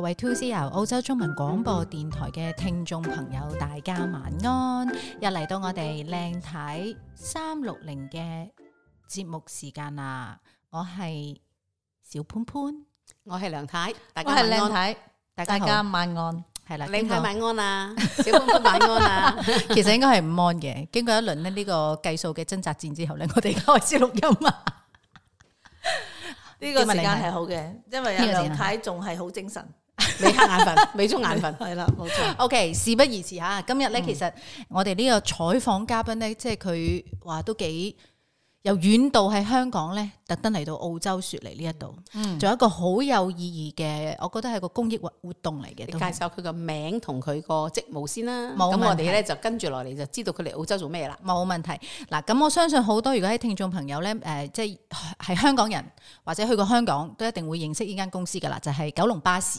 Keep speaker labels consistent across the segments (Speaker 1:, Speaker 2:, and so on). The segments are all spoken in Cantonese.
Speaker 1: 各位 2CR 澳洲中文廣播電台嘅聽眾朋友，大家晚安！又嚟到我哋靚太三六零嘅節目時間啦！我係小潘潘，我係梁太，我係靚太，大家晚安！係啦，梁太晚安啦，小潘潘晚安啦。其實應該係午安嘅。經過一輪呢呢個計數嘅掙扎戰之後咧，我哋開始錄音啊！呢個時間係好嘅，因為梁太仲係好精神。 美黑眼瞓，美足眼瞓，係啦，冇錯。O K，事不宜遲吓，今日咧其實我哋呢個採訪嘉賓咧，嗯、即係佢話都幾由遠度喺香港咧，特登嚟到澳洲雪梨呢一度，嗯，做一個好有意義嘅，我覺得係個公益活活
Speaker 2: 動嚟嘅。介紹佢個名同佢個職務先啦，咁我哋咧就跟住落嚟就知道佢嚟澳洲做咩啦。
Speaker 1: 冇問題，嗱，咁我相信好多如果喺聽眾朋友咧，誒、呃，即係係香港人或者去過香港，都一定會認識呢間公司噶啦，就係、是、九龍巴士。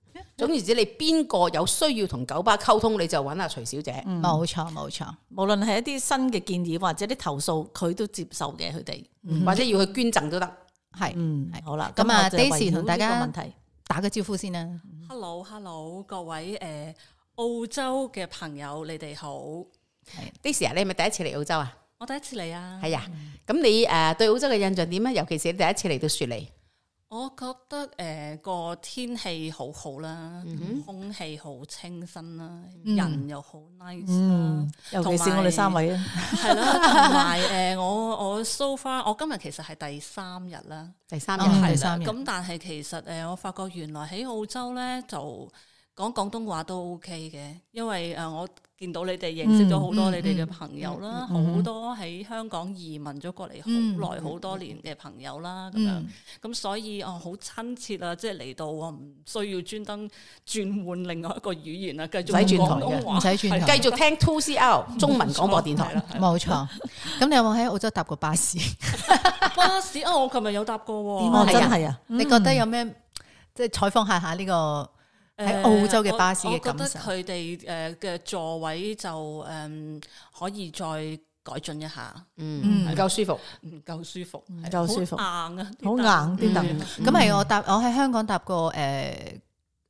Speaker 2: 總而言之，你邊個有需要同九巴溝通，你就揾阿徐小姐。冇
Speaker 1: 錯冇錯，錯錯
Speaker 2: 無論係一啲新嘅建議或者啲投訴，佢都
Speaker 1: 接受嘅。佢哋、嗯、或者要去捐贈都得。係、嗯，係好啦。咁啊，Daisy 同大家打個招呼先啦。
Speaker 3: Hello Hello，各位誒、呃、澳洲嘅朋友，你哋好。嗯、
Speaker 2: Daisy 你係咪第一次嚟澳洲啊？
Speaker 3: 我第一次嚟啊。係
Speaker 2: 啊。咁你誒對澳洲嘅印象點咧？尤其是你第一次嚟到雪梨。
Speaker 3: 我覺得誒個、呃、天氣好好啦，mm hmm. 空氣好清新啦，mm hmm. 人又好 nice 啦、mm，同、hmm. 埋我哋三位咧有，係啦， 同埋誒我我 so far 我今日其實係第三日啦，第三日係啦，咁但係其實誒、呃、我發覺原來喺澳洲咧就講廣東話都 OK 嘅，因為誒、呃、我。見到你哋認識咗好多你哋嘅朋友啦，好多喺香港移民咗過嚟好耐好多年嘅朋友啦，咁樣咁所以哦好親切啊，即係嚟到我唔需要專登轉換另外一個語言啊，繼續講廣
Speaker 1: 東話，繼續聽 TCL 中文廣播電台，冇錯。咁你有冇喺澳洲搭過巴士？巴士啊，我琴日有搭過喎。係啊係啊，你覺得有咩即係採訪下下呢個？喺澳洲嘅巴士嘅感受，我覺
Speaker 3: 得佢哋誒嘅座位就誒、嗯、可以再改進一下，嗯，唔夠舒服，唔
Speaker 2: 夠、嗯、舒服，唔夠、嗯、舒服，硬啊，好硬啲凳咁係我
Speaker 1: 搭，我喺香港搭過誒、呃，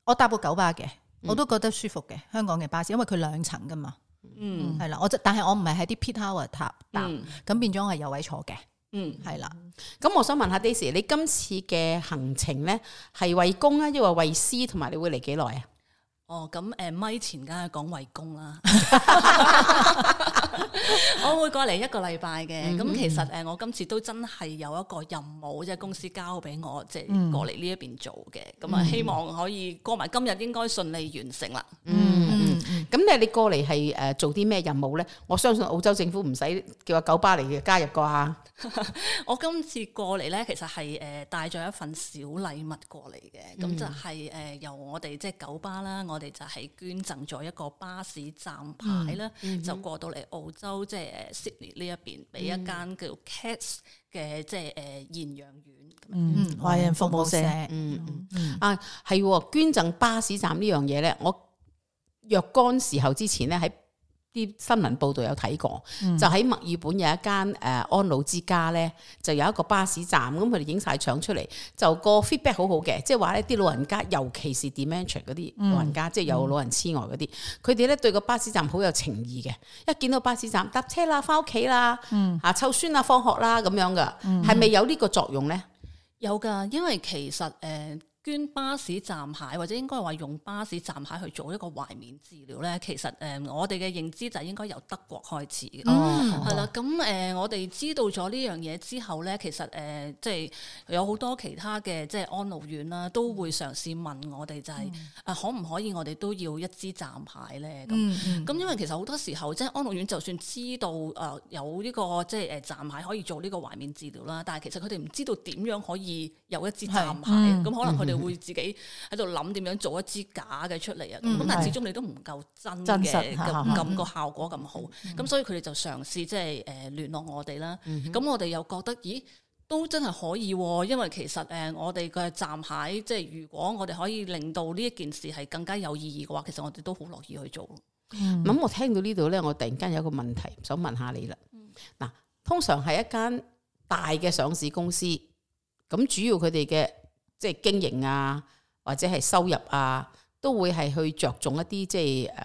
Speaker 1: 我搭過九巴嘅，我都覺得舒服嘅。香港嘅巴士，因為佢兩層㗎嘛，嗯，係啦，我但係我唔係喺啲 pit tower 搭，咁、嗯、變咗我係有位坐嘅。嗯，係啦，
Speaker 2: 咁我想問下 Daisy，你今次嘅行程咧係為公啊，亦或為私？同埋你會嚟幾耐
Speaker 3: 啊？哦，咁、嗯、誒，咪前梗係講為公啦， 我會過嚟一個禮拜嘅。咁、嗯、其實誒，我今次都真係有一個任務，即係公司交俾我，即、就、係、是、過嚟呢一邊做嘅。咁啊、嗯，嗯、希望可以過埋今日應該順利完成啦。嗯嗯。嗯
Speaker 2: 咁咧，你過嚟係誒做啲咩任務咧？我相信澳洲政府唔使叫阿九巴嚟嘅加入啩。
Speaker 3: 我今次過嚟咧，其實係誒帶咗一份小禮物過嚟嘅，咁、嗯、就係誒由我哋即係九巴啦，我哋就係捐贈咗一個巴士站牌啦、嗯，就過、是、到嚟澳洲即係誒 Sydney 呢一邊，俾一間叫 Cats 嘅即係誒養院等等嗯。
Speaker 2: 嗯，華人服務社。嗯嗯，嗯啊，係、哦、捐贈巴士站呢樣嘢咧，我。若干時候之前咧，喺啲新聞報道有睇過，嗯、就喺墨爾本有一間誒安老之家咧，就有一個巴士站，咁佢哋影晒相出嚟，就個 feedback 好好嘅，即係話咧啲老人家，尤其是 dementia 嗰啲，嗯、老人家，即、就、係、是、有老人痴呆嗰啲，佢哋咧對個巴士站好有情意嘅，一見到巴士站搭車啦，翻屋企啦，啊湊孫啊，放學啦，咁樣噶，係咪、嗯、有呢個作用咧？
Speaker 3: 有噶，因為其實誒。呃捐巴士站牌或者應該話用巴士站牌去做一個懷緬治療咧，其實誒我哋嘅認知就係應該由德國開始。哦，係啦，咁誒我哋知道咗呢樣嘢之後咧，其實誒即係有好多其他嘅即係安老院啦，都會嘗試問我哋就係啊，可唔可以我哋都要一支站牌咧？咁咁，因為其實好多時候即係安老院，就算知道誒有呢個即係誒站牌可以做呢個懷緬治療啦，但係其實佢哋唔知道點樣可以有一支站牌，咁可能佢哋。會自己喺度諗點樣做一支假嘅出嚟啊！咁、嗯、但係始終你都唔夠真嘅，咁感覺實效果咁好，咁、嗯、所以佢哋就嘗試即係誒聯絡我哋啦。咁、嗯、哼我哋又覺得咦，都真係可以、哦，因為其實誒我哋嘅站喺即係如果我哋可以令到呢一件事係更加有意義嘅話，其實我哋都好樂意去做。
Speaker 2: 咁、嗯、我聽到呢度咧，我突然間有一個問題想問下你啦。嗱、嗯，通常係一間大嘅上市公司，咁主要佢哋嘅。即係經營啊，或者係收入啊，都會係去着重一啲即係誒、uh,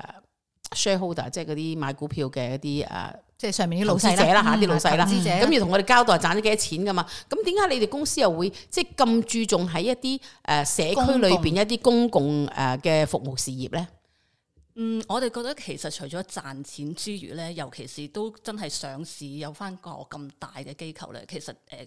Speaker 2: shareholder，即係嗰啲買股票嘅一啲誒
Speaker 1: ，uh, 即係上面啲老細、啊、投資者啦吓啲老細啦，咁、嗯啊啊、要同
Speaker 2: 我哋交代賺咗幾多錢噶、啊、嘛？咁點解你哋公司又會即係咁注重喺一啲誒社區裏邊一啲公共誒嘅服務事業咧？
Speaker 3: 嗯，我哋覺得其實除咗賺錢之餘咧，尤其是都真係上市有翻個咁大嘅機構咧，其實誒。呃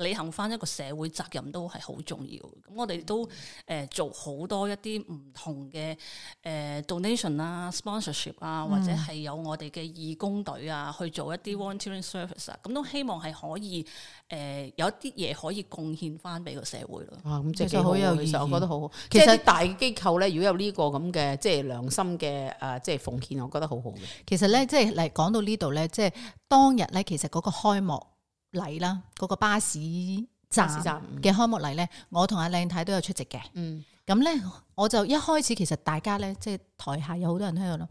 Speaker 3: 履行翻一個社會責任都係好重要，咁我哋都誒、呃、做好多一啲唔同嘅誒、呃嗯、donation 啊、sponsorship 啊，或者係有我哋嘅義工隊啊，去做一啲 volunteering service 啊，咁都希望係
Speaker 2: 可以誒、呃、有一啲嘢可以貢獻翻俾個社會咯。咁、嗯、其實好其實有意思，其實我覺得好好。其實大機構咧，如果有呢個咁嘅即係良心嘅誒，即、啊、係、即係、奉獻，我覺得好好、
Speaker 1: 就是就是。其實咧，即係嚟講到呢度咧，即係當日咧，其實嗰個開幕禮啦，嗰、那個巴士站嘅開幕禮呢，嗯、我同阿靚太都有出席嘅。咁呢、嗯，我就一開始其實大家呢，即係台下有好多人喺度諗，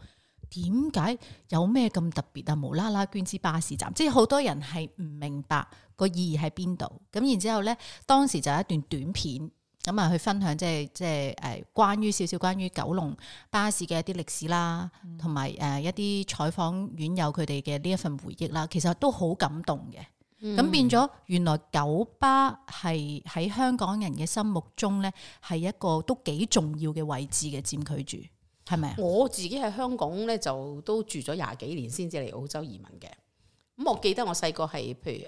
Speaker 1: 點解有咩咁特別啊？無啦啦捐支巴士站，即係好多人係唔明白個意義喺邊度。咁然之後咧，當時就一段短片咁啊，去分享即係即係誒，就是、關於少少關於九龍巴士嘅一啲歷史啦，同埋誒一啲採訪院友佢哋嘅呢一份回憶啦，其實都好感動嘅。咁、嗯、變咗，原來九巴係喺香港人嘅心目中咧，係一個都幾重要嘅位置嘅，佔據住，係咪啊？
Speaker 2: 我自己喺香港咧就都住咗廿幾年先至嚟澳洲移民嘅。咁我記得我細個係譬如誒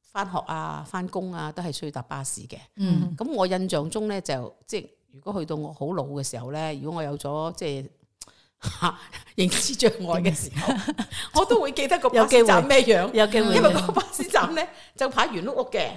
Speaker 2: 返學啊、返工啊，都係需要搭巴士嘅。嗯，咁我印象中咧就即係如果去到我好老嘅時候咧，如果我有咗即係。吓， 認知障礙嘅時候，時候 我都會記得個巴士站咩樣，有機會，有機會因為個巴士站咧 就排圓碌碌嘅。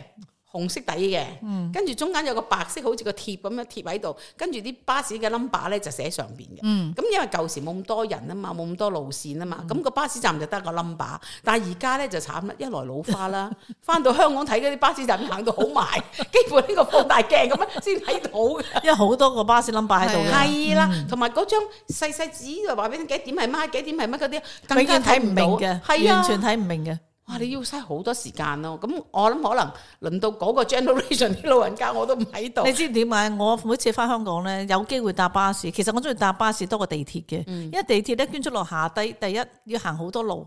Speaker 2: 紅色底嘅，跟住中間有個白色，好似個貼咁樣貼喺度，跟住啲巴士嘅 number 咧就寫上邊嘅。咁因為舊時冇咁多人啊嘛，冇咁多路線啊嘛，咁個巴士站就得個 number。但係而家咧就慘啦，一來老花啦，翻到香港睇嗰啲巴士站行到好埋，幾乎呢個放大鏡咁樣先睇到，因為好多個巴士 number 喺度嘅。係啦，同埋嗰張細細紙就話俾你聽，幾點係乜，幾點係乜嗰啲，更加睇唔明嘅，係啊，完全睇唔明嘅。哇！你要嘥好多時間咯，咁我諗可能輪到嗰個 generation 啲老人家我都唔喺度。你知點解？我每次翻香港咧，有機會搭巴士。其
Speaker 1: 實我中意搭巴士多過地鐵嘅，嗯、因為地鐵咧捐出落下低，第一要行好多路，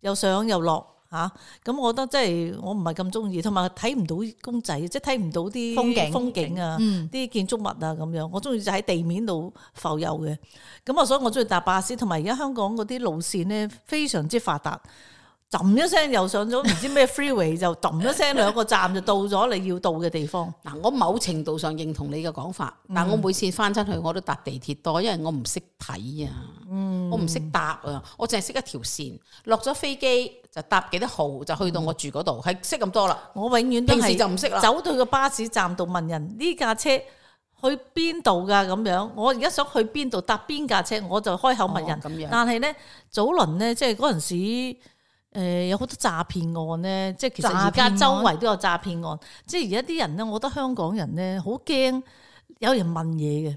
Speaker 1: 又上又落嚇。咁、啊、我覺得即係我唔係咁中意，同埋睇唔到公仔，即係睇唔到啲風景風景，風景啊，啲、嗯、建築物啊咁樣。我中意就喺地面度浮遊嘅。咁啊，所以我中意搭巴士。同埋而家香港嗰啲路線咧，非常之發達。揼一聲又上咗唔知咩 freeway
Speaker 2: 就揼一聲，兩個站就到咗你要到嘅地方嗱。我某程度上認同你嘅講法，嗯、但我每次翻出去我都搭地鐵多，因為我唔識睇啊，我唔識搭啊，我淨係識一條線，落咗飛機就搭幾多號就去到我住嗰度，係識咁多啦。我永遠都係，就唔識啦。走到個巴士站度問人呢、嗯、架車
Speaker 1: 去邊度噶咁樣，我而家想去邊度搭邊架車，我就開口問人。哦、咁樣，但係呢，早輪呢，即係嗰陣時。誒、呃、有好多詐騙案咧，即係其實而家周圍都有詐騙案，即係而家啲人咧，我覺得香港人咧好驚有人問嘢嘅，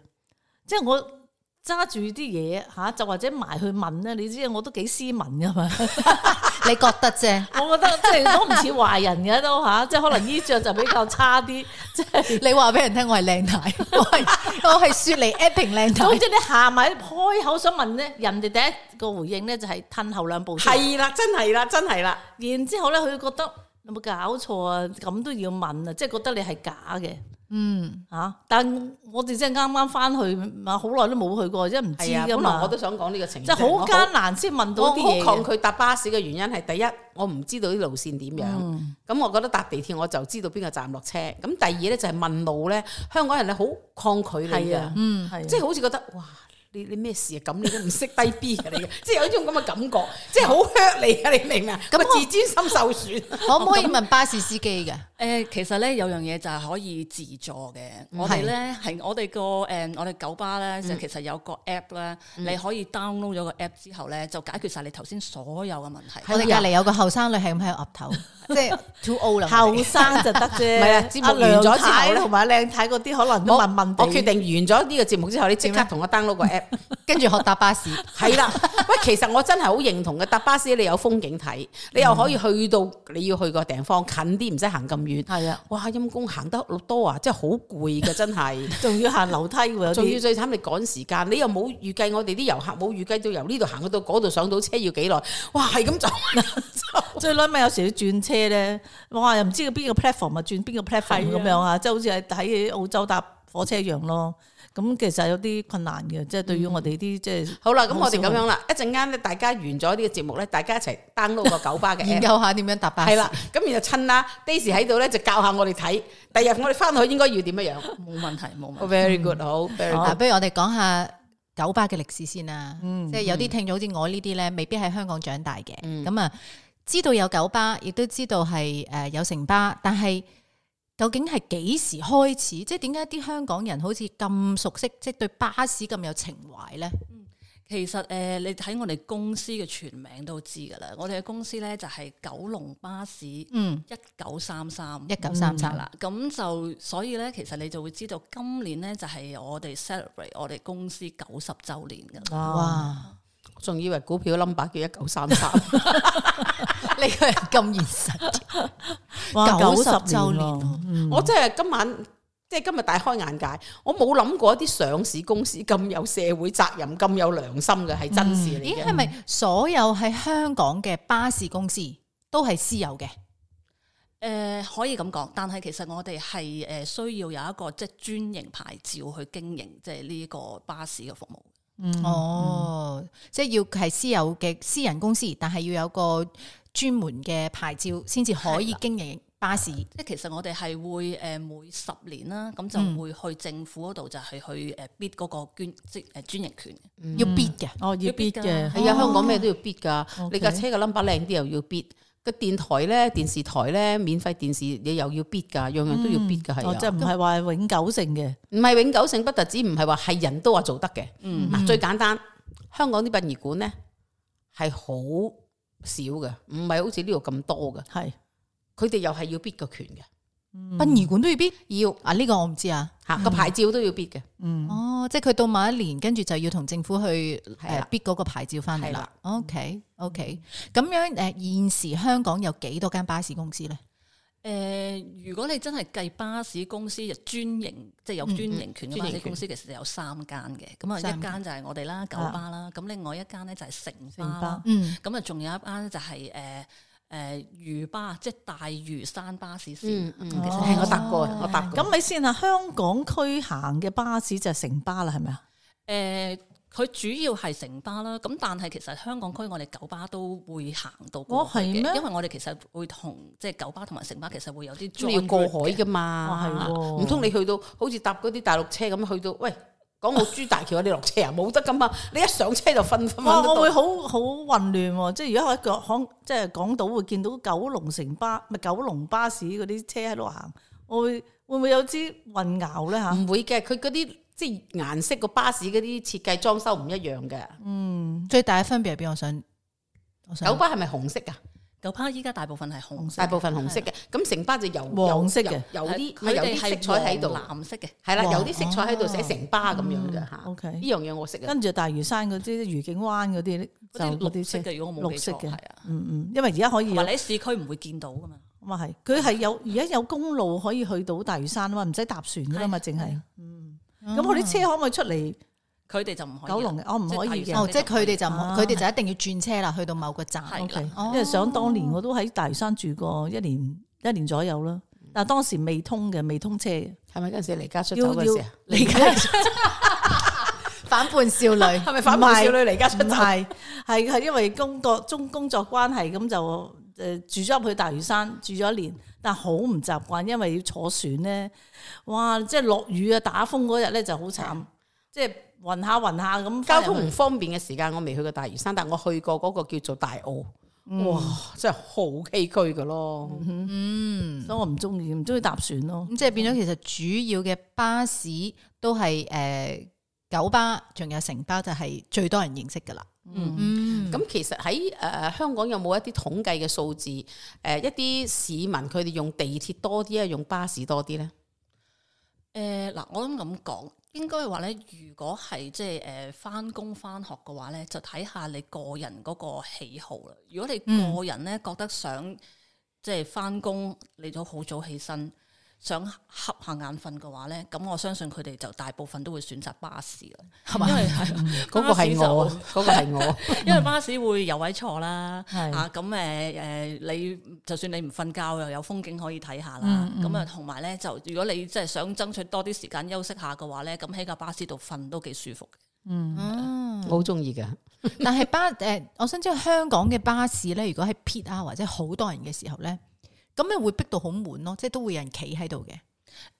Speaker 1: 即係我，揸住啲嘢嚇，就或者埋去問咧，你知我都幾斯文噶嘛？ 你覺得啫？我覺得即係都唔似壞人嘅都嚇，即係可能衣着就比較差啲。即、就、係、是、 你話俾人聽，我係靚太，我係我係雪梨 Epping 靚太。 總之你行埋開口想問咧，人哋第一個回應咧就係褪後兩步。係啦，真係啦，真係啦。然之後咧，佢覺得。有冇搞錯啊？咁都要問啊！即係覺得你係假嘅，嗯嚇、啊。但我哋
Speaker 2: 即係啱啱翻
Speaker 1: 去，好耐都冇去過，即係唔知㗎嘛、啊。本來我都想
Speaker 2: 講呢個情況。即係好艱難先問到啲嘢。我好抗拒搭巴士嘅原因係第一，我唔知道啲路線點樣。咁、嗯嗯、我覺得搭地鐵我就知道邊個站落車。咁第二咧就係、是、問路咧，香港人咧好抗拒你㗎、啊，嗯，即係、啊、好似覺得哇。你咩事啊？咁你都唔識低 B 㗎你。即係有一種咁嘅感覺，即係好 hurt 你啊！你明啊？咁自尊心受損，可唔可以問
Speaker 1: 巴士司機嘅？誒，
Speaker 3: 其實咧有樣嘢就係可以自助嘅，我哋咧係我哋個誒我哋九巴咧其實有個 app 咧，你可以 download 咗個 app 之後咧就解決晒你頭先所有嘅問題。我哋隔離有
Speaker 1: 個後生女係咁喺度岌頭，
Speaker 3: 即係
Speaker 2: too old 啦。後生就得啫，唔係啊！阿梁太同埋阿靚太嗰啲可能都問問。我決定完咗呢個節目之後，你即刻同我 download 個 app。跟住 學搭巴士，係啦。喂，其實我真係好認同嘅，搭巴士你有風景睇，你又可以去到你要去個地方，近啲唔使行咁遠。係啊的，哇，陰公行得多啊，真係好攰㗎，真係。仲要行樓梯喎，仲要最慘你趕時間，你又冇預計，我哋啲遊客冇預計到由呢度行去到嗰度上到車要幾耐。哇，係咁走，最衰咪有時要轉車咧。
Speaker 1: 哇，又唔知邊個 platform 咪轉邊個 platform 咁樣啊，即係的好似係喺澳洲搭火車一樣咯。咁其實有啲困難嘅，即係對於我哋啲即係好啦，咁我哋咁樣啦，一
Speaker 2: 陣間咧大家完咗呢個節目咧，大家一齊 download 個九巴嘅 app 研究下
Speaker 1: 點樣搭巴士，係啦，
Speaker 2: 咁然後趁啦，Daisy 喺度咧就教下我哋睇，第日我哋翻去應該要點乜樣，冇問題，冇問題。Very good，
Speaker 1: 好。嗱，不如我哋講下九巴嘅歷史先啦。即係有啲聽咗好似我呢啲咧，未必喺香港長大嘅，咁啊，知道有九巴，亦都知道係誒有城巴，但係，究竟係幾時開始？即係點解啲香港人好似咁熟悉，即係對巴士咁有情懷呢、嗯？其實誒、呃，你睇
Speaker 3: 我哋公司嘅全名都知噶啦。我哋嘅公司呢，就係、是、九龍巴士，嗯，一九三三，一九三三啦。咁、嗯、就所以呢，其實你就會知道，今年呢，就係、是、我哋 celebrate 我哋公司九十周年噶啦。
Speaker 2: 哇！仲以為股票 number 叫一九三三？你係咁現實，九十周年， 年嗯、我真係今晚即係今日大開眼界，我冇諗過一啲上市公司咁有社會責任、咁有良心嘅係真事嚟。咦、嗯，係咪所有喺香港嘅巴士公司都係私有嘅？
Speaker 3: 誒、呃，可以咁講，但係其實我哋係誒需要有一個即係專營牌照去經營，即係呢個巴士嘅服務。
Speaker 1: 嗯，哦，即係要係私有嘅私人公司，但係要有個專門嘅牌照，先至可以經營
Speaker 3: 巴士。即係的其實我哋係會誒每十年啦，咁、嗯、就會去政府嗰度就係去誒 bid 嗰個專即係專營權，嗯、要 bid 嘅。哦，要 bid 嘅，係啊、哦，香港咩都要
Speaker 2: bid 噶，okay, okay. 你架車嘅 number 靚啲又要 bid。個電台咧、電視台咧、免費電視，你又要 bid 㗎，樣樣都要 bid 㗎，係、嗯有哦。即係唔係話永久性嘅？唔係永久性，不但，不特止唔係話係人都話做得嘅。嗱、嗯，最簡單，香港啲殯儀館咧，係好少嘅，唔係好似呢度咁多嘅，係佢哋又係要 bid 個權嘅。殯儀館都要必要啊呢、這個我唔知啊，吓個、嗯、牌照都
Speaker 1: 要必嘅。嗯，哦，即係佢到某一年，跟住就要同政府去誒 bid 嗰個牌照翻嚟啦。OK，OK，咁樣誒，現時香港有幾多間巴士公司咧？
Speaker 3: 誒、呃，如果你真係計巴士公司，就專營，即係有專營權嘅巴士公司，其實就有三間嘅。咁啊、嗯，一間就係我哋啦，九巴啦。咁、哦、另外一間咧就係城巴。嗯。咁啊、嗯，仲有一間咧就係、是、誒。呃誒嶼、呃、巴即係大嶼山巴士線，係我搭過，我搭過。咁咪
Speaker 1: 先啊，香港區行嘅巴士就係城巴啦，係咪啊？
Speaker 3: 誒、呃，佢主要係城巴啦，咁但係其實香港區我哋九巴都會行到過去、哦、因為我哋其實會同即係九巴
Speaker 2: 同埋城巴其實會有啲仲要過海㗎嘛，唔通、啊哦、你去到好似搭嗰啲大陸車咁去到，喂？港珠澳大橋啊， 你落車啊，冇得噶啊。你一上車就瞓，分、 嗯、我會好
Speaker 1: 好混亂喎，即係如果喺港，即係港島會見到九龍城巴咪九
Speaker 2: 龍巴士嗰啲車喺度行，我會會唔會有啲混淆咧吓？唔、啊、會嘅，佢嗰啲即係顏色個巴士嗰啲設計裝修唔一樣嘅。嗯，
Speaker 1: 最大嘅分
Speaker 2: 別係邊？我想，我想九巴係咪紅色啊？有巴依家大部分係紅色，大部分紅色嘅，咁城巴就有黃色嘅，有啲佢哋係彩色喺度，藍色嘅，係啦，有啲色彩喺度寫城巴咁樣嘅嚇。O K，依樣嘢我識。跟住
Speaker 1: 大嶼山嗰啲愉景灣嗰啲就綠色嘅，如果冇記錯嘅，係啊，嗯嗯，因為而家可以。話你喺市區唔會見到噶嘛？咁啊係，佢係有而家有公路可以去到大嶼山啊嘛，唔使搭船噶啦嘛，淨係。嗯，
Speaker 3: 咁我啲車
Speaker 1: 可唔可以出嚟？
Speaker 3: 佢哋就唔可以九龍，我唔可以嘅。即係佢哋就唔，佢哋就
Speaker 1: 一定要轉車啦，去到某個站。因為想當年我都喺大嶼山住過一年，一年左右啦。但係當時未通嘅，未通車嘅。係咪嗰陣時離家出走嗰時啊？
Speaker 2: 離家出
Speaker 1: 反叛少女，係咪反叛少女離家出走？唔係，係因為工作中工作關係咁就誒住咗去大嶼山住咗一年，但係好唔習慣，因為要坐船咧。哇！即係落雨啊，打風嗰日
Speaker 2: 咧就好慘，即係。暈下暈下咁，交通唔方便嘅時間，我未去過大嶼山，但係我去過嗰個叫做大澳，嗯、哇，真係好崎嶇嘅咯。嗯，所以我唔中意，唔中意搭船咯。咁、嗯、即係變咗，其實主要嘅巴士都係誒、呃、九巴，仲有城巴就係、是、最多人認識噶啦。嗯，咁、嗯、其實喺誒、呃、香港有冇一啲統計嘅數字？誒、呃，一啲市民佢哋用地鐵多啲啊，用巴士多啲咧？
Speaker 3: 誒，嗱，我諗咁講。應該話呢，如果係即係誒返工返學嘅話呢，就睇下你個人嗰個喜好啦。如果你個人呢、嗯、覺得想即係返工，你都好早起身。想瞌下眼瞓嘅話咧，咁我相信佢哋就大部分都會選擇巴士啦，係嘛吧？嗰個係我，嗰個係我，因為巴士會有位坐啦，的啊，咁誒誒，你就算你唔瞓覺又有風景可以睇下啦，咁，啊同埋咧就如果你真係想爭取多啲時間休息下嘅話咧，咁喺架巴士度瞓都幾舒服。嗯，
Speaker 2: 嗯我好中意嘅。 但係巴
Speaker 1: 誒、呃，我想知道香港嘅巴士咧，如果係 peak hour 或者好多人嘅時候咧。咁咪會逼到好滿咯，即係都會有人企喺度嘅。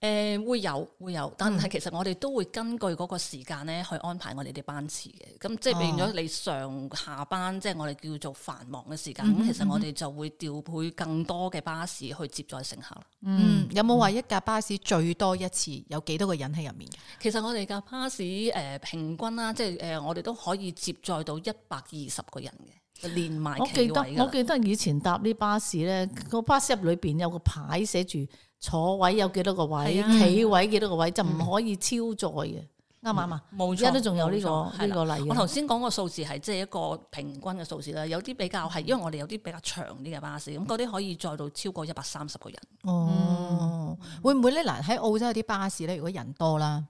Speaker 1: 誒、呃，會有會有，但係其實我哋
Speaker 3: 都會根據嗰個時間咧去安排我哋啲班次嘅。咁、嗯、即係變咗你上下班，哦、即係我哋叫做繁忙嘅時間。咁、嗯、其實我哋就會調配更多嘅巴士去接載乘客咯。嗯，嗯
Speaker 1: 有冇話一架巴士最多一次有幾多個人喺入面？嗯嗯、其實我哋架
Speaker 3: 巴士誒、呃，平均啦，即係誒、呃，我哋都可以接載到一百二十個人嘅。連埋我記得，我記
Speaker 1: 得以前搭啲巴士咧，個巴士入裏邊有個牌寫住坐位有幾多個位，企位幾多個位，就唔可以超載嘅，啱唔啱啊？冇錯，依家都仲有呢個呢個例。我頭
Speaker 3: 先講個數字係即係一個平均嘅數字啦，有啲比較係因為我哋有啲比較長啲嘅巴士，咁嗰啲可以載到超過一百三
Speaker 1: 十個人。哦，會唔會咧？嗱，喺澳洲有啲巴士咧，如果人多啦，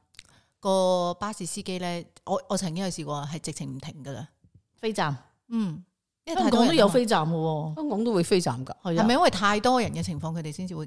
Speaker 1: 個巴士司機咧，我我曾經有試過係直情唔停㗎啦，飛站，嗯。香港都有飛站㗎喎，香港都會飛站㗎，係咪因為太多人嘅情況，佢哋先至會？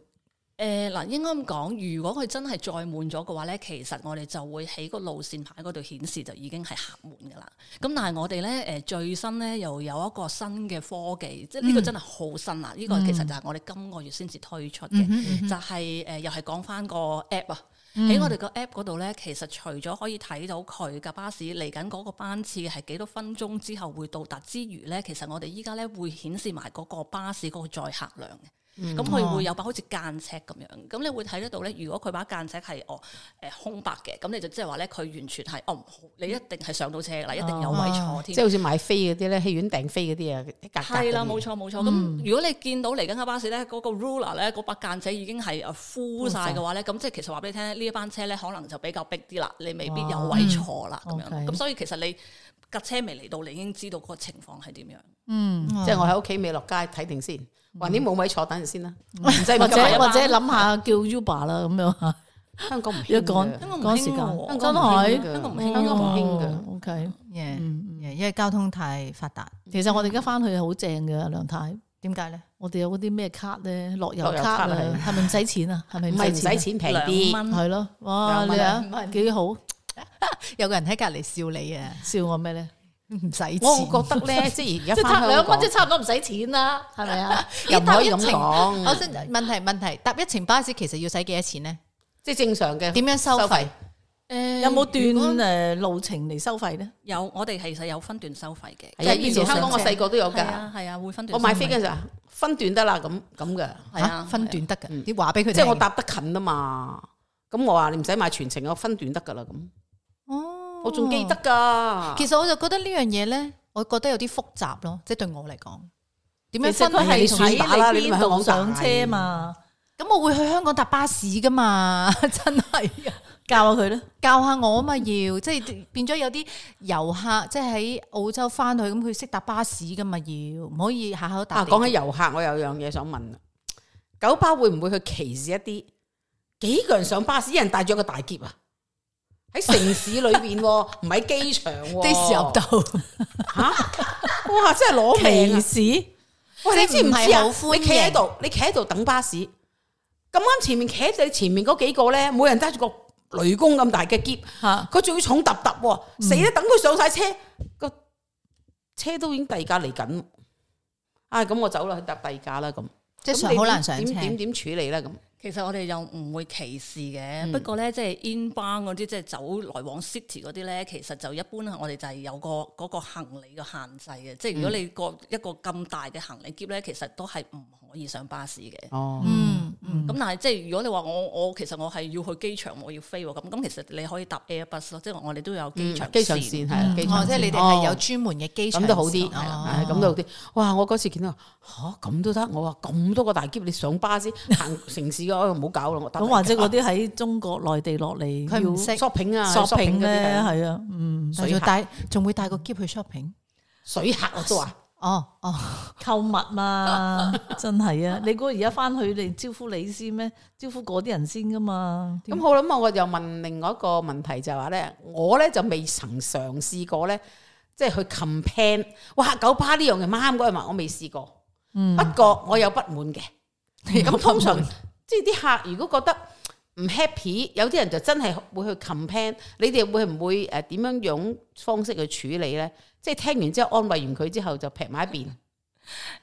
Speaker 3: 誒嗱、呃，應該咁講，如果佢真係載滿咗嘅話咧，其實我哋就會喺個路線牌嗰度顯示就已經係客滿嘅啦。咁但係我哋咧誒最新咧又有一個新嘅科技，嗯、即係呢個真係好新啊！呢、呢個其實就係我哋今個月先至推出嘅，嗯、哼哼就係、係、誒、呃、又係講返個 app 啊。喺、嗯、我哋個 app 嗰度咧，其實除咗可以睇到佢嘅巴士嚟緊嗰個班次係幾多分鐘之後會到達之餘咧，其實我哋依家咧會顯示埋嗰個巴士嗰個載客量。
Speaker 2: 咁佢會有把
Speaker 3: 好似間尺咁樣，咁你會睇得到咧。如果佢把間尺係哦誒空白嘅，咁你就即係話咧，佢完全係哦，你一定係上到車嘅啦，一定有位坐添。即係好似
Speaker 2: 買飛嗰啲咧，戲院訂飛嗰啲啊，一格格。係啦，冇錯
Speaker 3: 冇錯。咁如果你見到嚟緊嘅巴士咧，嗰個 ruler 咧，嗰把間尺已經係啊 full 曬嘅話咧，咁即係其實話俾你聽呢一班車咧可能就比較逼啲啦，你未必有位坐啦咁樣。咁所以其實你架車未嚟到，你已經知道個情
Speaker 2: 況係點樣。
Speaker 1: 嗯，即係我喺屋
Speaker 2: 企未落街睇定先。橫啲冇位坐，等住先啦。或者或者諗
Speaker 1: 下叫 Uber 啦咁樣。香港唔要嘅，香港唔興嘅，香港唔興嘅。O K，耶耶，因為交通太發達。其實我哋而家翻去好正嘅，梁太。點解咧？我哋有嗰啲咩卡咧？樂遊卡啊，係咪唔使錢啊？係咪唔使錢平啲？係咯，哇！你睇幾好？有個人喺隔籬笑你啊！笑我咩咧？唔使錢，我唔覺得咧。即係而家即係差兩蚊，即係差唔多唔使錢啦，係咪啊？又唔可以咁講。我先問題問題，搭一程巴士其實要使幾多錢咧？即係正常嘅點樣收費？
Speaker 2: 誒，有冇段誒路程嚟收費咧？
Speaker 3: 有，我哋其實有分段收費嘅。就以前香港我細個都有噶，係啊，會分段。我買飛嘅就
Speaker 2: 分段得啦，咁咁嘅，係啊，分段得噶。你話俾佢，即係我搭得近啊嘛。咁我話你唔使買全程，我分段得噶啦咁。
Speaker 1: 我仲記得噶、哦，其實我就覺得呢樣嘢咧，我覺得有啲複雜咯，即係對我嚟講，點樣分係你同我啦？你唔係去上車嘛？咁我會去香港搭巴士噶嘛？真係啊！ 教下佢咯，教下我啊嘛，要即係變咗有啲遊客，即係喺澳洲翻去咁，佢識搭巴
Speaker 2: 士噶嘛？要唔可以下下打。搭？啊，講起遊客，我有樣嘢想問啊，九巴會唔會去歧視一啲幾個人上巴士，一人帶咗一個大篋啊？喺城市裏邊，唔喺機場。啲時候到，哇！真係攞皮士？喂，你知唔知啊？你企喺度，你企喺度等巴士。咁啱前面企喺你前面嗰幾個咧，每人揸住個雷公咁大嘅箧，佢仲、啊、要重揼揼，嗯、死啦！等佢上晒車，個車都已經第二架嚟緊。啊、哎，咁我走啦，去搭第二架啦咁。咁好難上車。點點處理咧咁？
Speaker 3: 其實我哋又唔會歧視嘅，嗯、不過呢，即、就、係、是、inbound 嗰啲即係走來往 city 嗰啲呢，其實就一般我哋就係有個嗰、那個行李嘅限制嘅，嗯、即係如果你個一個咁大嘅行李篋呢，其實都係唔可以上巴士嘅，嗯嗯，咁但係即係如果你話我我其實我係要去機場，我要飛，咁咁，其實你可以搭 Airbus 咯，即係我哋都有機場機場線係，即係你哋係有專門嘅機場都好啲，咁都好
Speaker 2: 啲。哇！我嗰次見到，咁都得，我話咁多個大 G，你上巴士行城市嘅，唔好搞咯。咁或者嗰啲喺中國內地落嚟要 shopping 啊，shopping 啲係啊，嗯，水客
Speaker 1: 仲會帶個 G 去 shopping，
Speaker 2: 水客我都
Speaker 1: 話。哦哦，購、哦、物嘛， 真係啊！ 你估而家翻去你招
Speaker 2: 呼你先咩？招呼嗰啲人先噶嘛？咁好啦，咁 我又問另外一個問題就係話咧，我咧就未曾嘗試過咧，即係去 complain 哇，九巴呢樣嘢啱啱嗰日話我未試過，
Speaker 1: 嗯、
Speaker 2: 不過我有不滿嘅。咁 通常 即係啲客如果覺得唔 happy，有啲人就真係會去 complain，你哋會唔會誒點樣用方式去處理咧？即係聽完之後安慰完佢之後就劈埋一邊，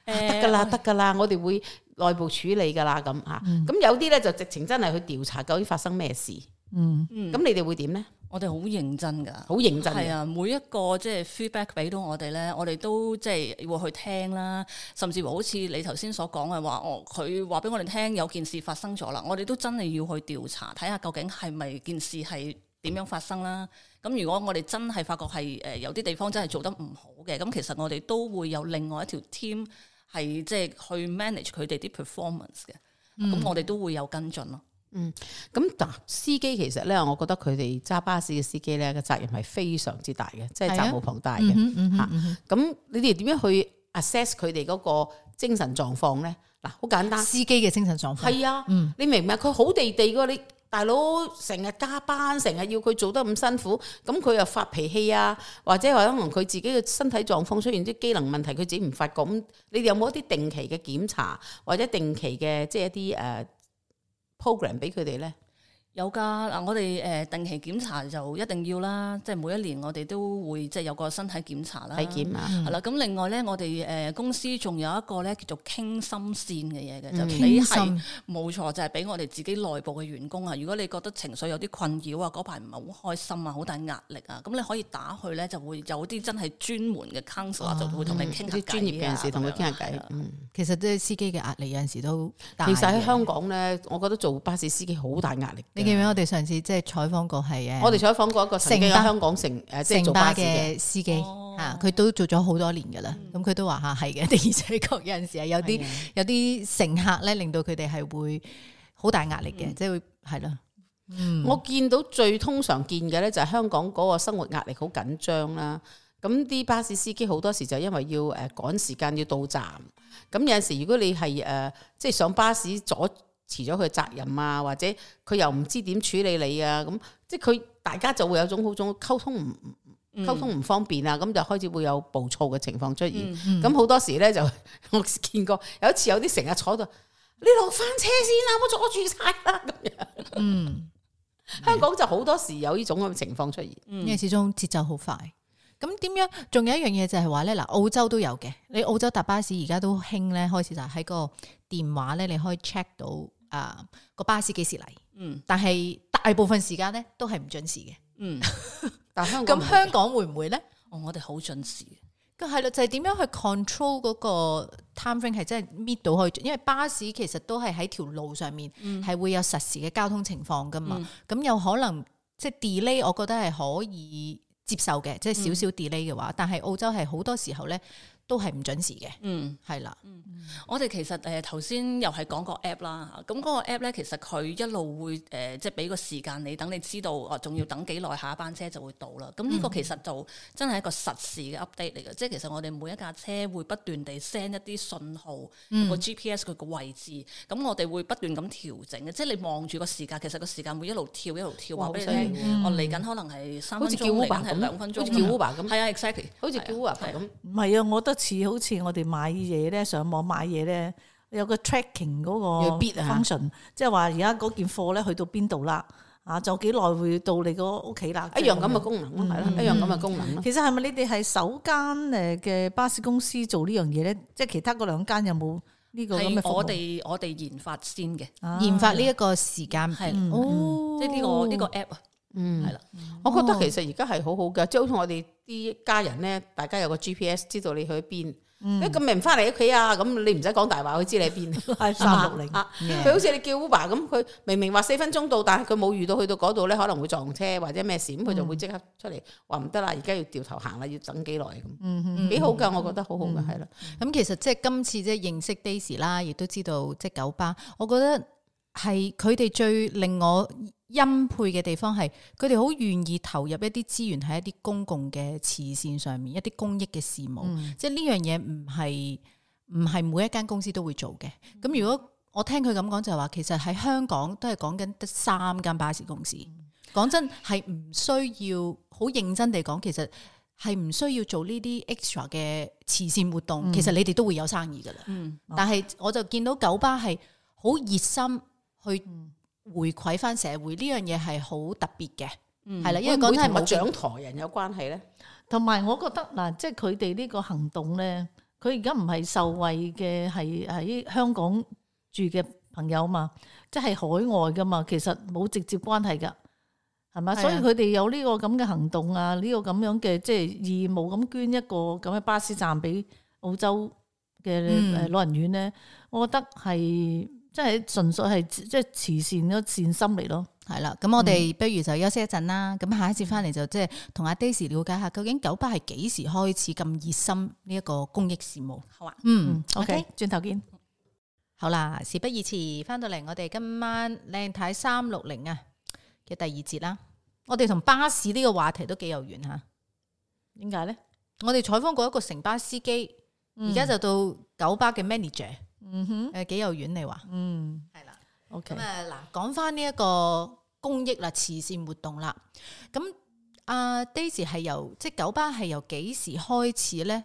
Speaker 2: 得噶啦，得噶啦，我哋會內部處理噶啦咁吓，咁、嗯、有啲咧就直情真係去調查究竟發生咩事，嗯，咁你哋會點咧？我哋好認真噶，好認真嘅、啊，每一個即係 feedback 俾到我哋咧，我哋都
Speaker 3: 即係會去聽啦，甚至乎好似你頭先所講嘅話，我佢話俾我哋聽有件事發生咗啦，我哋都真係要去調查睇下究竟係咪件事係。點樣發生啦？咁如果我哋真係發覺係誒，有啲地方真係做得唔好嘅，咁其實我哋都會有另外一條 team 係即係去 manage 佢哋啲 performance 嘅，咁、
Speaker 2: 嗯、我哋都會有跟進咯。嗯，咁但司機其實咧，我覺得佢哋揸巴士嘅司機咧嘅責任係非常之大嘅，即係責無旁貸嘅吓。咁、啊嗯嗯嗯啊、你哋點樣去 assess 佢哋嗰個精神狀況咧？嗱，好簡單，司機嘅精神狀況係啊，嗯、你明唔明？佢好地地噶你。大佬成日加班，成日要佢做得咁辛苦，咁佢又發脾氣啊，或者話可能佢自己嘅身體狀況出現啲機能問題，佢自己唔發覺咁。你哋有冇一啲定期嘅檢查，或者定期嘅即係一啲誒、uh, program 俾佢哋咧？
Speaker 3: 有噶嗱、啊，我哋誒、呃、定期檢查就一定要啦，即係每一年我哋都會即係有個身體檢查啦。體檢係啦，咁另外咧，我哋誒、呃、公司仲有一個咧叫做傾心線嘅嘢嘅，就你係冇心錯，就係、是、俾我哋自己內部嘅員工啊。如果你覺得情緒有啲困擾啊，嗰排唔係好開心啊，好大壓力啊，咁你可以打去咧，就會有啲真係專門嘅 counsel、啊、就會同你
Speaker 1: 傾下啲專業嘅事，同佢傾下
Speaker 2: 偈。其實即係司機嘅壓力有陣時都大，其實喺香港咧，我覺得做巴士司機好大壓力。你
Speaker 1: 記唔記得我哋上次即係採訪過係啊？我哋採訪過一個成香
Speaker 2: 港成誒，即係做巴士嘅司
Speaker 1: 機嚇，佢都做咗好多年噶啦。咁佢都話嚇係嘅，而且確有陣時係有啲有啲乘客咧，令到佢哋係會
Speaker 2: 好大壓力嘅，即係會係咯。嗯，我見到最通常見嘅咧就係香港嗰個生活壓力好緊張啦。咁啲巴士司機好多時就因為要誒趕時間，要到站，咁有陣時如果你係誒即係上巴士阻遲咗佢責任啊，或者佢又唔知點處理你啊，咁即係佢大家就會有種好種溝通唔溝通唔方便啊，咁、嗯、就開始會有暴躁嘅情況出現。咁好、嗯嗯、多時咧就我見過有一次有啲成日坐喺度，你落翻車先啦，我阻住晒啦咁樣嗯。嗯，香港就好多時有呢種咁嘅情況出現，因為、嗯、始終
Speaker 1: 節奏好快。咁點樣？仲有一樣嘢就係話咧，嗱，澳洲都有嘅。你澳洲搭巴士而家都興咧，開始就喺個電話咧，你可以 check 到啊個、呃、巴士幾時嚟。嗯，但係大部分時間咧都係唔準時嘅。嗯， 但香港咁香港會唔會咧、哦？我哋好準時。咁係咯，就係點樣去 control 嗰個 time frame？係真係搣到去？因為巴士其實都係喺條路上面，係、嗯、會有實時嘅交通情況噶嘛。咁、嗯、有可能即係 delay，我覺得係可以。接受嘅，即係少少 delay 嘅話，嗯、但係澳洲係好多時候咧。都係唔準時嘅，嗯，係啦，
Speaker 3: 我哋其實誒頭先又係講個 app 啦嚇，咁嗰個 app 咧其實佢一路會誒即係俾個時間你等你知道，哦，仲要等幾耐下一班車就會到啦。咁呢個其實就真係一個實時嘅 update 嚟嘅，即係其實我哋每一架車會不斷地 send 一啲信號，個 GPS 佢個位置，咁我哋會不斷咁調整嘅，即係你望住個時間，其實個時間會一路跳一路跳，我俾你聽，我嚟緊可能係三分鐘，嚟緊係兩分鐘，好似叫 Uber 咁，係啊 exactly 好似咁，
Speaker 1: 唔係啊，我覺得。似好似我哋買嘢咧，上網買嘢咧，有個 tracking 嗰個 function、啊、即係話而家嗰件貨咧去到邊度啦，啊，就幾耐會到你個屋企啦，一樣咁嘅功能，係啦對，嗯、一樣咁嘅功能。其實係咪你哋係首間誒嘅巴士公司做呢樣嘢咧？即係其他嗰兩間有冇
Speaker 3: 呢、這個咁嘅？係我哋我哋研發先嘅，
Speaker 2: 啊、研發呢一個時間表，
Speaker 1: 即係呢個呢、這個 app 啊。
Speaker 2: 嗯，係啦，我覺得其實而家係好好嘅，oh. 即係好似我哋啲家人咧，大家有個 GPS 知道你去邊，咁明唔翻嚟屋企啊？咁你唔使講大話，佢知你喺邊。三六零佢好似你叫 Uber 咁，佢明明話四分鐘到，但係佢冇預到去到嗰度咧，可能會撞車或者咩事，咁佢、嗯、就會即刻出嚟話唔得啦，而家要掉頭行啦，要等幾耐咁，幾、嗯、哼好噶，我覺得好好噶，係啦、嗯。咁、嗯、其實即係今次即係認識 Daisy 啦，亦都知道即係九巴，我覺得。
Speaker 1: 係佢哋最令我欽佩嘅地方係，佢哋好願意投入一啲資源喺一啲公共嘅慈善上面，一啲公益嘅事務。嗯、即係呢樣嘢唔係唔係每一間公司都會做嘅。咁如果我聽佢咁講就係、是、話，其實喺香港都係講緊得三間巴士公司。講、嗯、真係唔需要好認真地講，其實係唔需要做呢啲 extra 嘅慈善活動。嗯、其實你哋都會有生意噶啦。
Speaker 3: 嗯、但
Speaker 1: 係我就見到九巴係好熱心。去回饋翻社會呢樣嘢係好特別嘅，係啦，因為講緊係咪掌台人有關係咧。同埋，我覺得嗱，即係佢哋呢個行動咧，佢而家唔係受惠嘅係喺香港住嘅朋友嘛，即係海外噶嘛，其實冇直接關係噶，係咪。所以佢哋有呢個咁嘅行動啊，呢個咁樣嘅即係義務咁捐一個咁嘅巴士站俾澳洲嘅誒老人院咧，我覺得係。即係純粹係即係慈善嗰善心嚟咯，係啦。咁我哋不如就休息一陣啦。咁、嗯、下一次翻嚟就即係同阿 Daisy 了解下，究竟九巴係幾時開始咁熱心呢一個公益事務？好啊，嗯，OK，轉頭見。好啦，事不宜遲，翻到嚟我哋今晚靚太三六零啊嘅第二節啦。我哋同巴士呢個話題都幾有緣吓，點解呢？我哋採訪過一個城巴司機，
Speaker 3: 而家、嗯、就
Speaker 1: 到九巴嘅 manager。嗯哼，誒紀幼園你話，嗯係啦的，OK。咁誒嗱，講翻呢一個公益啦、慈善活動啦。咁阿、啊、Daisy 係由即九巴係由幾時開始咧？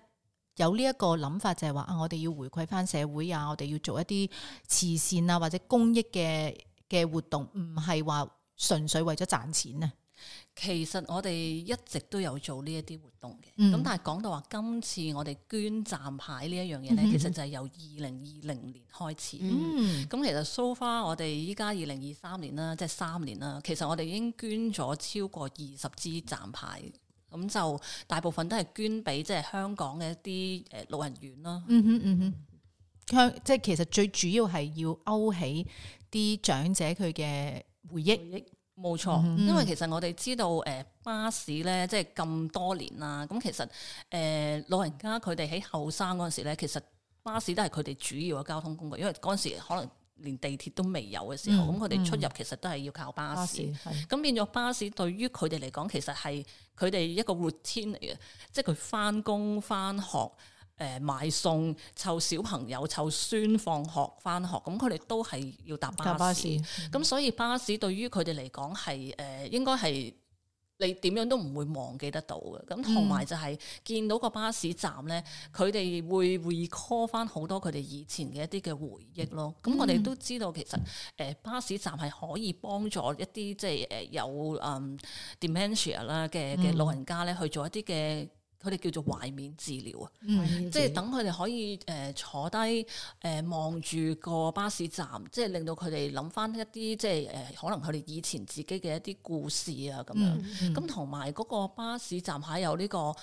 Speaker 1: 有呢一個諗法就係、是、話啊，我哋要回饋翻社會啊，我哋要做一啲慈善啊或者公益嘅嘅活動，唔係話純粹為咗賺錢啊。其實
Speaker 3: 我哋一直都有做呢一啲活動嘅，咁、嗯、但係講到話今次我哋捐站牌呢一樣嘢咧，嗯、其實就係由二零二零年開始。咁、嗯嗯嗯、其實 so far 我哋依家二零二三年啦，即係三年啦，其實我哋已經捐咗超過二十支站牌，咁、嗯、就大部分都係捐俾即係香港嘅一啲誒老
Speaker 1: 人院啦、嗯。嗯哼嗯哼，香即係其實最主要係要勾起啲長者佢嘅回憶。冇錯，嗯、因為其實我哋知道，誒、呃、
Speaker 3: 巴士咧，即係咁多年啦。咁其實誒、呃、老人家佢哋喺後生嗰陣時咧，其實巴士都係佢哋主要嘅交通工具，因為嗰陣時可能連地鐵都未有嘅時候，咁佢哋出入其實都係要靠巴士。咁變咗巴士對於佢哋嚟講，其實係佢哋一個 routine 嚟嘅，即係佢返工返學。誒、呃、買餸、湊小朋友、湊孫放學返學，咁佢哋都係要搭巴士。咁、嗯嗯、所以巴士對於佢哋嚟講係誒，應該係你點樣都唔會忘記得到嘅。咁同埋就係、是、見到個巴士站咧，佢哋會 recall 返好多佢哋以前嘅一啲嘅回憶咯。咁、嗯、我哋都知道其實誒、呃、巴士站係可以幫助一啲即係誒有嗯 dementia 啦嘅嘅老人家咧去做一啲嘅。嗯佢哋叫做懷緬治療啊，
Speaker 2: 嗯、即係等
Speaker 3: 佢哋可以誒、呃、坐低誒望住個巴士站，即係令到佢哋諗翻一啲即係誒、呃、可能佢哋以前自己嘅一啲故事啊咁樣，咁同埋嗰個巴士站下有呢、這個。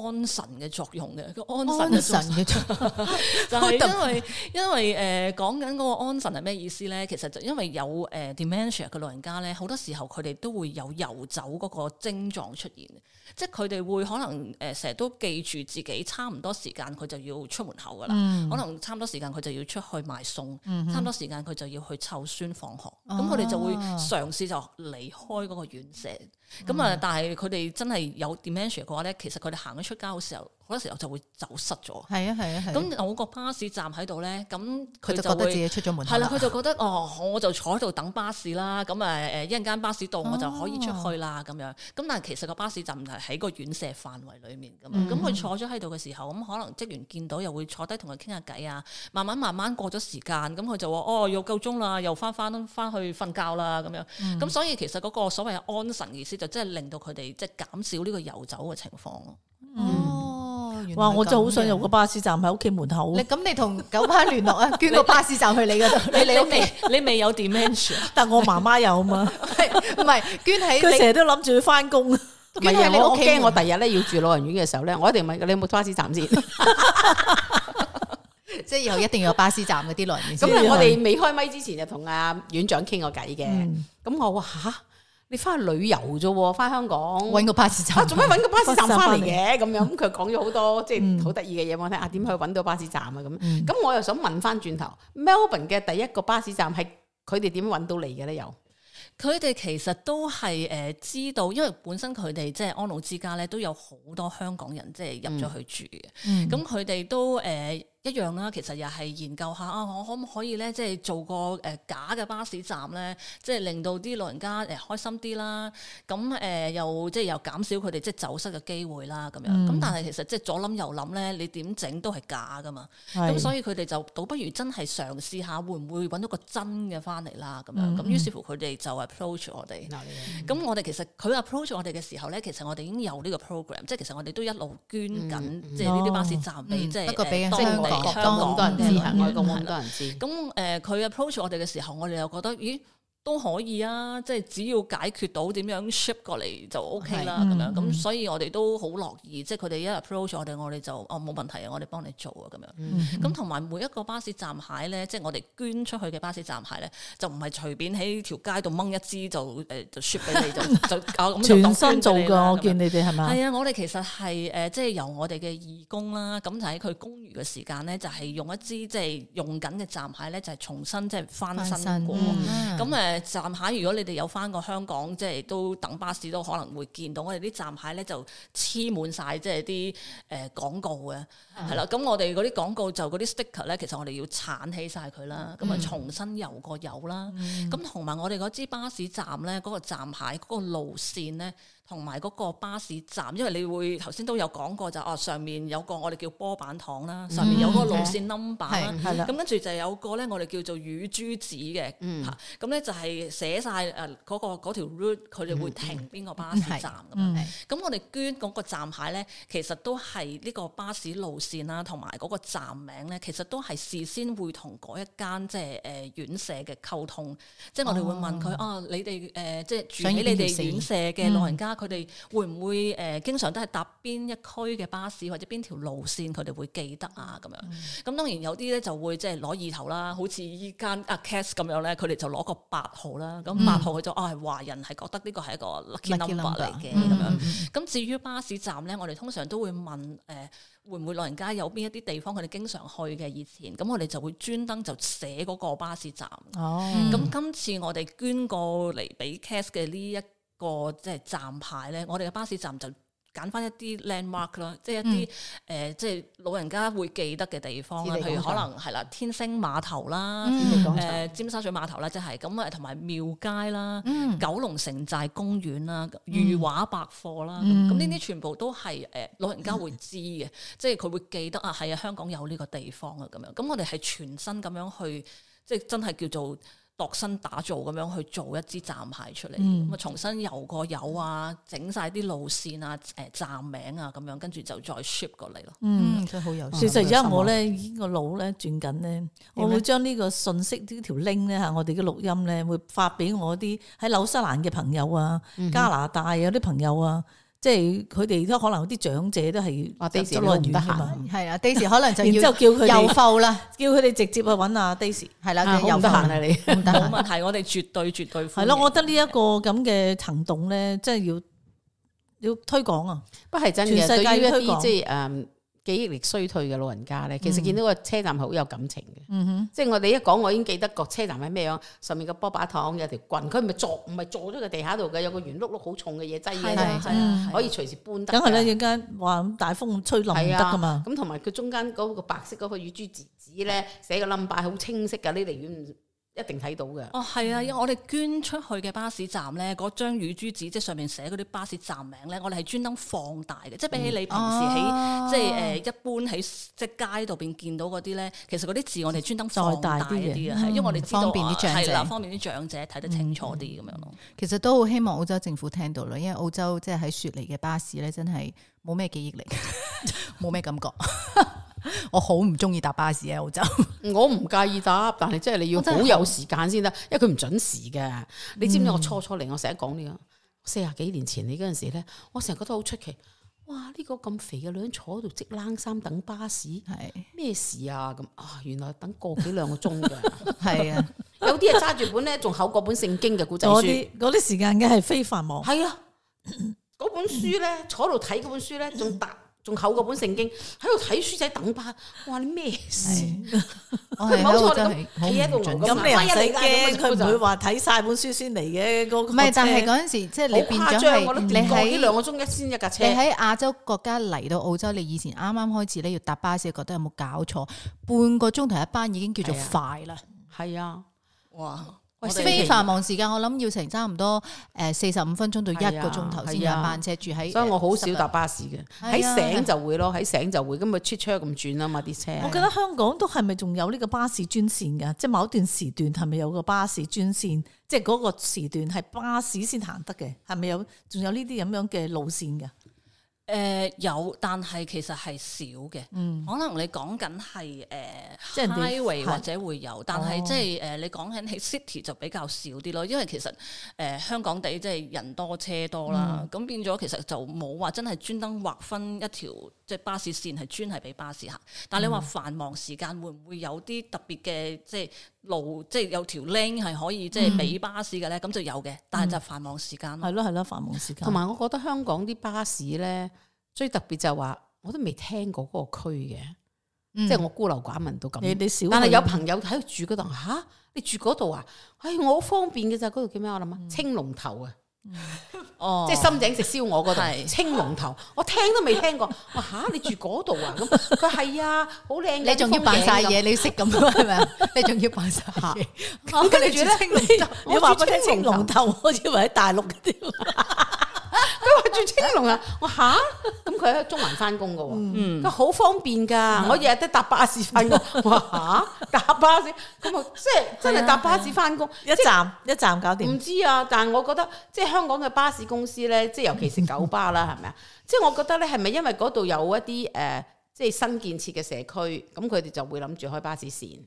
Speaker 3: 安神嘅作用嘅，個安神嘅作
Speaker 1: 用就係因
Speaker 3: 為因為誒講緊嗰個安神係咩意思咧？其實就因為有誒、呃、dementia 嘅老人家咧，好多時候佢哋都會有游走嗰個症狀出現，即係佢哋會可能誒成日都記住自己差唔多時間佢就要出門口噶啦，嗯、可能差唔多時間佢就要出去買餸，嗯、哼 差唔多時間佢就要去湊孫放學，咁佢哋就會嘗試就離開嗰個院舍。咁啊！嗯、但係佢哋真係有 dementia 嘅話咧，其實佢哋行咗出街嘅時候。嗰時候就會走失咗，係
Speaker 1: 啊係啊係。咁、
Speaker 3: 啊、我個巴士站喺度咧，咁佢就，就覺得自己出咗門了，係啦、啊。佢就覺得哦，我就坐喺度等巴士啦。咁啊誒，一陣間巴士到，我就可以出去啦。咁、哦、樣。咁但係其實個巴士站係喺個院舍範圍裏面噶嘛。咁佢、嗯、坐咗喺度嘅時候，咁可能職員見到又會坐低同佢傾下偈啊。慢慢慢慢過咗時間，咁佢就話哦，又夠鐘啦，又翻翻翻去瞓覺啦。咁樣。咁、嗯、所以其實嗰個所謂安神意思，就即、是、係令到佢哋即係減少呢個遊走嘅情況咯。嗯嗯哇！我真係好想有
Speaker 1: 個巴士站喺屋企門口。你咁你同九巴聯絡啊，捐個巴士站去你嗰度。你你未
Speaker 3: 你未有
Speaker 2: Dementia？但我媽媽有嘛？
Speaker 1: 唔係捐喺佢，成日都
Speaker 2: 諗住去翻工。捐喺你屋企，我驚我第日咧要住老人院嘅時候咧，我一定問你有冇巴士站先。即係以後一定要有巴士站嗰啲老人院。咁我哋未開咪之前就同阿院長傾過偈嘅。咁我話嚇。你翻去旅遊啫喎，翻香港揾個巴
Speaker 1: 士站，做咩揾個巴士站翻嚟嘅？
Speaker 2: 咁樣咁佢講咗好多，即係好得意嘅嘢我睇啊！點去揾到巴士站啊？咁咁、嗯、我又想問翻轉頭，Melbourne 嘅第一個巴士站係佢哋點揾到嚟嘅咧？又，佢哋其實都係誒、呃、知道，因為本身佢
Speaker 3: 哋即係安老之家咧，都有好多香港人即係入咗去住嘅。咁佢哋都誒。呃一樣啦，其實又係研究下啊，我可唔可以咧，即係做個誒、呃、假嘅巴士站咧，即係令到啲老人家誒開心啲啦，咁誒又即係又減少佢哋即係走失嘅機會啦，咁、嗯、樣。咁但係其實即係左諗右諗咧，你點整都係假㗎嘛。咁是 所以佢哋就倒不如真係嘗試下，會唔會搵到個真嘅返嚟啦？咁、嗯、樣咁於是乎佢哋就 approach 我哋。咁、嗯、我哋其實佢 approach 我哋嘅時候咧，其實我哋已經有呢個 program，即係其實我哋都一路捐緊、嗯嗯哦、即係呢啲巴士站俾即係、嗯。不過俾香港多人知，嗯、外國好、嗯、多人知。咁誒佢 approach 我哋嘅時候，我哋又覺得，咦？都可以啊，即係只要解決到點樣 ship 過嚟就 OK 啦，咁樣咁，所以我哋都好樂意，即係佢哋一 approach 我哋，我哋就哦冇問題啊，我哋幫你做啊，咁樣。咁同埋每一個巴士站牌咧，即係我哋捐出去嘅巴士站牌咧，就唔係隨便喺條街度掹一支就誒就 ship 俾你就就搞咁重新做噶，我見你哋係咪？係啊，我哋其實係誒、呃，即係由我哋嘅義工啦，咁就喺佢工餘嘅時間咧，就係用一支即係用緊嘅站牌咧，就係重新即係翻新過咁誒。嗯嗯。呃、站牌，如果你哋有返過香港，即係都等巴士，都可能會見到我哋啲站牌咧，就黐滿晒。即係啲誒廣告嘅，係啦、嗯。咁我哋嗰啲廣告就嗰啲 sticker 咧，其實我哋要鏟起晒佢啦，咁啊重新油個油啦。咁同埋我哋嗰支巴士站咧，嗰、嗰個站牌嗰個路線咧。同埋嗰個巴士站，因為你會頭先都有講過就哦、啊，上面有個我哋叫波板糖啦，上面有嗰個路線 number 啦、嗯，咁跟住就有個咧，我哋叫做雨珠子嘅，嚇咁咧就係、是、寫晒誒嗰個條 route，佢哋會停邊個巴士站咁，咁我哋捐嗰個站牌咧，其實都係呢個巴士路線啦，同埋嗰個站名咧，其實都係事先會同嗰一間即係誒院舍嘅溝通，即係我哋會問佢、嗯、哦，你哋誒、呃、即係住喺你哋院舍嘅老人家。嗯佢哋會唔會誒、呃，經常都係搭邊一區嘅巴士，或者邊條路線，佢哋會記得啊？咁樣咁，嗯、當然有啲咧就會即係攞意頭啦，好似依間啊 cast 咁樣咧，佢哋就攞個八號啦。咁八、嗯、號佢就哦係華人係覺得呢個係一個 lucky number 嚟嘅咁樣。咁至於巴士站咧，我哋通常都會問誒、呃，會唔會老人家有邊一啲地方佢哋經常去嘅以前？咁我哋就會專登就寫嗰個巴士站。哦、
Speaker 1: 嗯，咁
Speaker 3: 今次我哋捐過嚟俾 cast 嘅呢一。個即係站牌咧，我哋嘅巴士站就揀翻一啲 landmark 咯，即係一啲誒，即係、嗯呃就是、老人家會記得嘅地方啦。譬如可能係啦，天星碼頭啦，誒、嗯，尖、呃、沙咀碼頭啦，即係咁啊，同埋廟街啦，嗯、九龍城寨公園啦，裕華百貨啦，咁呢啲全部都係誒，老人家會知嘅，即係佢會記得啊。係啊，香港有呢個地方啊，咁樣。咁我哋係全新咁樣去，即、就、係、是、真係叫做。就是度身打造咁樣去做一支站牌出嚟，咁啊、嗯、重新游過油啊，整晒啲路線啊、誒、呃、站名啊咁、嗯、樣，跟住就再 ship 過嚟咯。嗯，真好有趣。事實而家我咧，
Speaker 1: 這個腦咧轉緊咧，我會將呢個信息條呢條 link 咧吓，我哋嘅錄音咧會發俾我啲喺紐西蘭嘅朋友啊，嗯、哼加拿大有啲朋友啊。即係佢哋都可能有啲長者都係，或者執落唔得閒。係啊 Daisy，可能就然之後叫佢又郵付啦，叫佢哋直接去揾阿 Daisy，係啦，好得閒啊你。冇
Speaker 3: 問題，
Speaker 2: 我哋絕對絕對。係咯，我覺得呢
Speaker 1: 一個咁嘅行動咧，即係要要推廣啊，不係真嘅，全世界推廣即係
Speaker 2: 誒。記憶力衰退嘅老人家咧，其實見到個車站係好有感情嘅，嗯、哼即係我哋一講，我已經記得個車站係咩樣，上面個波板糖有條棍，佢唔係坐唔係坐喺個地下度嘅，有個圓碌碌好重嘅嘢擠嘢啫，的的可以隨時搬得。梗係啦，陣
Speaker 1: 間哇咁大風咁吹冧係啊嘛，咁
Speaker 2: 同埋佢中間嗰個白色嗰個乳珠字紙咧，寫個冧巴好清晰噶，呢嚟遠。一定睇到嘅。哦，係啊，因為
Speaker 3: 我哋捐出去嘅巴士站咧，嗰張乳珠紙，即係上面寫嗰啲巴士站名咧，我哋係專登放大嘅，嗯哦、即係比起你平時喺即係誒一般喺即係街度邊見到嗰啲咧，其實嗰啲字我哋專登再大啲啊，係、嗯，因為我哋知道啊，係啦，方便啲長者睇得清楚啲咁樣咯。
Speaker 1: 其實都好希望澳洲政府聽到咯，因為澳洲即係喺雪梨嘅巴士咧，真係冇咩記憶力，冇咩 感覺。 我好唔中意搭巴士
Speaker 2: 喺澳洲。我唔介意搭，但係真係你要好有時間先得，因為佢唔準時嘅。你知唔知我初初嚟、嗯，我成日講呢個四十幾年前你嗰陣時咧，我成日覺得好出奇。哇！呢、這個咁肥嘅女人坐喺度織冷衫等巴士，係咩是事啊？咁啊，原來等個幾兩個鐘嘅。係 啊， 有啲係揸住本咧，仲厚過本聖經嘅古仔書。嗰啲嗰啲時間嘅係非繁忙。係啊，嗰本書咧，坐喺度睇嗰本書咧，仲搭。仲厚嗰本聖經喺度睇書仔等巴，哇！你咩事？佢冇錯咁企喺度，咁你唔使驚，佢唔會話
Speaker 1: 睇晒本書先嚟嘅。唔係，但係嗰陣時即係變咗係你喺兩個鐘
Speaker 2: 一先一架車。你喺亞
Speaker 1: 洲國家嚟到澳洲，你以前啱啱開始咧要搭巴士，覺得有冇搞錯？半個鐘頭一班已經叫做快
Speaker 2: 啦。係啊，啊，哇！非繁
Speaker 1: 忙時間，我諗要成差唔多誒四十五分鐘到一個鐘頭先有班車住
Speaker 2: 喺、啊啊。所以我好少搭巴士嘅，喺醒就會咯，喺醒就會咁啊出車咁轉啊嘛啲車。我記得
Speaker 1: 香港都係咪仲有呢個巴士專線㗎？即係某一段時段係咪有個巴士專線？即係嗰個時段係巴士先行得嘅，係咪有？仲有呢啲咁樣嘅路線㗎？
Speaker 3: 誒、呃、有，但係其實係少嘅。嗯，可能你講緊係誒 highway 或者會有，但係即係誒你講緊喺 city 就比較少啲咯。因為其實誒、呃、香港地即係人多車多啦，咁、嗯、變咗其實就冇話真係專登劃分一條即係、即係、巴士線係專係俾巴士行。但係你話繁忙時間會唔會有啲特別嘅即係？即係路即係、就是、有條 lane 係可以即係俾巴士嘅咧，咁、嗯、就有嘅，但係就是繁忙
Speaker 2: 時間。係咯係咯，繁忙時間。同埋我覺得香港啲巴士咧最特別就係話，我都未聽過嗰個區嘅，
Speaker 1: 即係、嗯、我
Speaker 2: 孤陋寡聞到咁。你你少，但係有朋友喺度住嗰度吓，你住嗰度啊？唉、哎，我好方便嘅咋，嗰度叫咩？我諗啊，青龍頭啊。
Speaker 1: 哦，即係深井食
Speaker 2: 燒鵝嗰度係青龍頭，我聽都未聽過。 哇吓，你住嗰度啊？咁佢係啊，好靚嘅。你仲要扮晒嘢， 你
Speaker 1: 識咁樣係咪 你仲要扮晒。咁我住咧，我住喺青龍
Speaker 2: 頭，你我以為喺大陸嗰啲。 佢話住青龍啊， 我吓咁佢喺中環翻工噶，佢好、嗯、方便噶，嗯、我日日都搭巴士翻工。嗯、我話吓搭巴士，咁啊即係真係搭巴士翻工、啊啊即，一站一站搞掂。唔知啊，但係我覺得即係香港嘅巴士公司咧，即係尤其是九巴啦，係咪啊？即係我覺得咧，係咪因為嗰度有一啲誒、呃，即係新建設嘅社區，咁佢哋就會諗住開巴士線。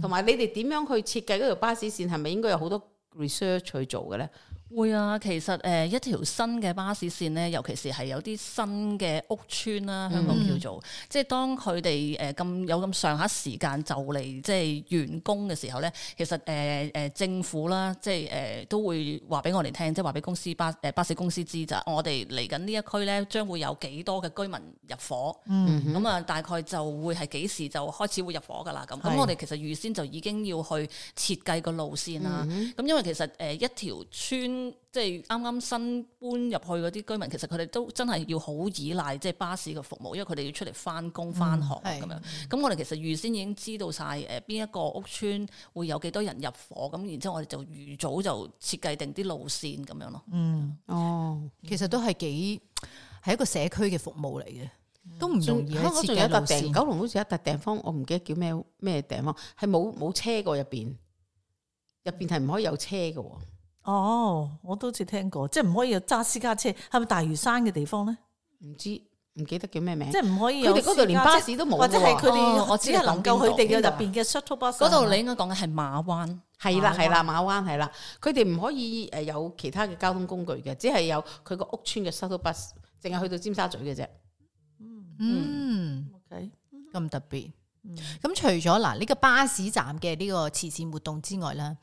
Speaker 2: 同埋、嗯、你哋點樣去設計嗰條巴士線，係咪應該有好多 research 去做嘅咧？會啊，其實誒一條新嘅巴士線咧，
Speaker 3: 尤其是係有啲新嘅屋邨啦，香港叫做，嗯、哼即係當佢哋誒咁有咁上下時間就嚟即係完工嘅時候咧，其實誒誒政府啦，即係誒、呃、都會話俾我哋聽，即係話俾公司巴誒、呃、巴士公司知咋，我哋嚟緊呢一區咧將會有幾多嘅居民入伙，咁啊大概就會係幾時就開始會入伙噶啦咁，咁我哋其實預先就已經要去設計個路線啦，咁、嗯哼嗯、因為其實誒一條村。即係啱啱新搬入去嗰啲居民，其實佢哋都真係要好依賴即係巴士嘅服務，因為佢哋要出嚟翻工、翻學咁樣。咁我哋其實預先已經知道晒誒邊一個屋村會有幾多人入伙，咁然之後我哋就預早就設計定啲路線咁樣咯。嗯，
Speaker 1: 哦，其實都係幾
Speaker 2: 係一個社區嘅服務嚟嘅，都唔容易。香港仲有一笪地，九龍好似有一笪地方，我唔記得叫咩咩地方，係冇冇車過入邊，入邊係唔可以有車嘅。哦，我都似聽過，即係唔可以有揸私家車，係咪大嶼山嘅地方咧？唔知唔記得叫咩名？即係唔可以，佢哋嗰度連巴士都冇，或者係佢哋我只係能夠佢哋嘅入邊嘅
Speaker 1: shuttle bus。嗰度你應該
Speaker 2: 講嘅係馬灣，係啦係啦馬灣係啦，佢哋唔可以誒有其他嘅交通工具嘅，只係有佢個屋村嘅 shuttle bus，淨係去到尖沙咀嘅啫。嗯 OK，咁特別。
Speaker 1: 咁除咗嗱呢個巴士站嘅呢個慈善活動之外咧。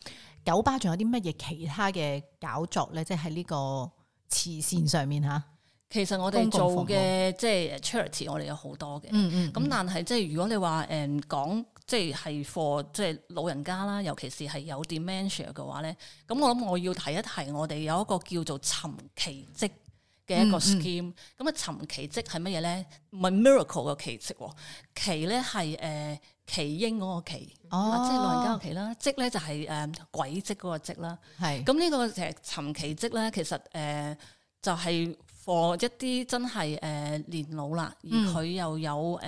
Speaker 1: 九巴仲有啲乜嘢其他嘅搞作咧？即係喺呢個慈善上面吓、嗯，其實我哋做嘅
Speaker 3: 即係 charity，我哋有好多嘅。嗯，嗯嗯。咁但係即係如果你話誒講即係係 for 即係老人家啦，尤其是係有 dementia 嘅話咧，咁我諗我要提一提，我哋有一個叫做尋奇迹嘅一個 scheme 嗯嗯。咁啊，尋奇迹係乜嘢咧？唔係 miracle 嘅奇迹喎，奇咧係誒奇英嗰個奇。哦、啊，即係老人家屋企啦，積咧就係、是、誒、呃、鬼積嗰個積啦。係是，咁呢個誒尋奇積咧，其實誒、呃、就係、是、for 一啲真係誒、呃、年老啦，而佢又有誒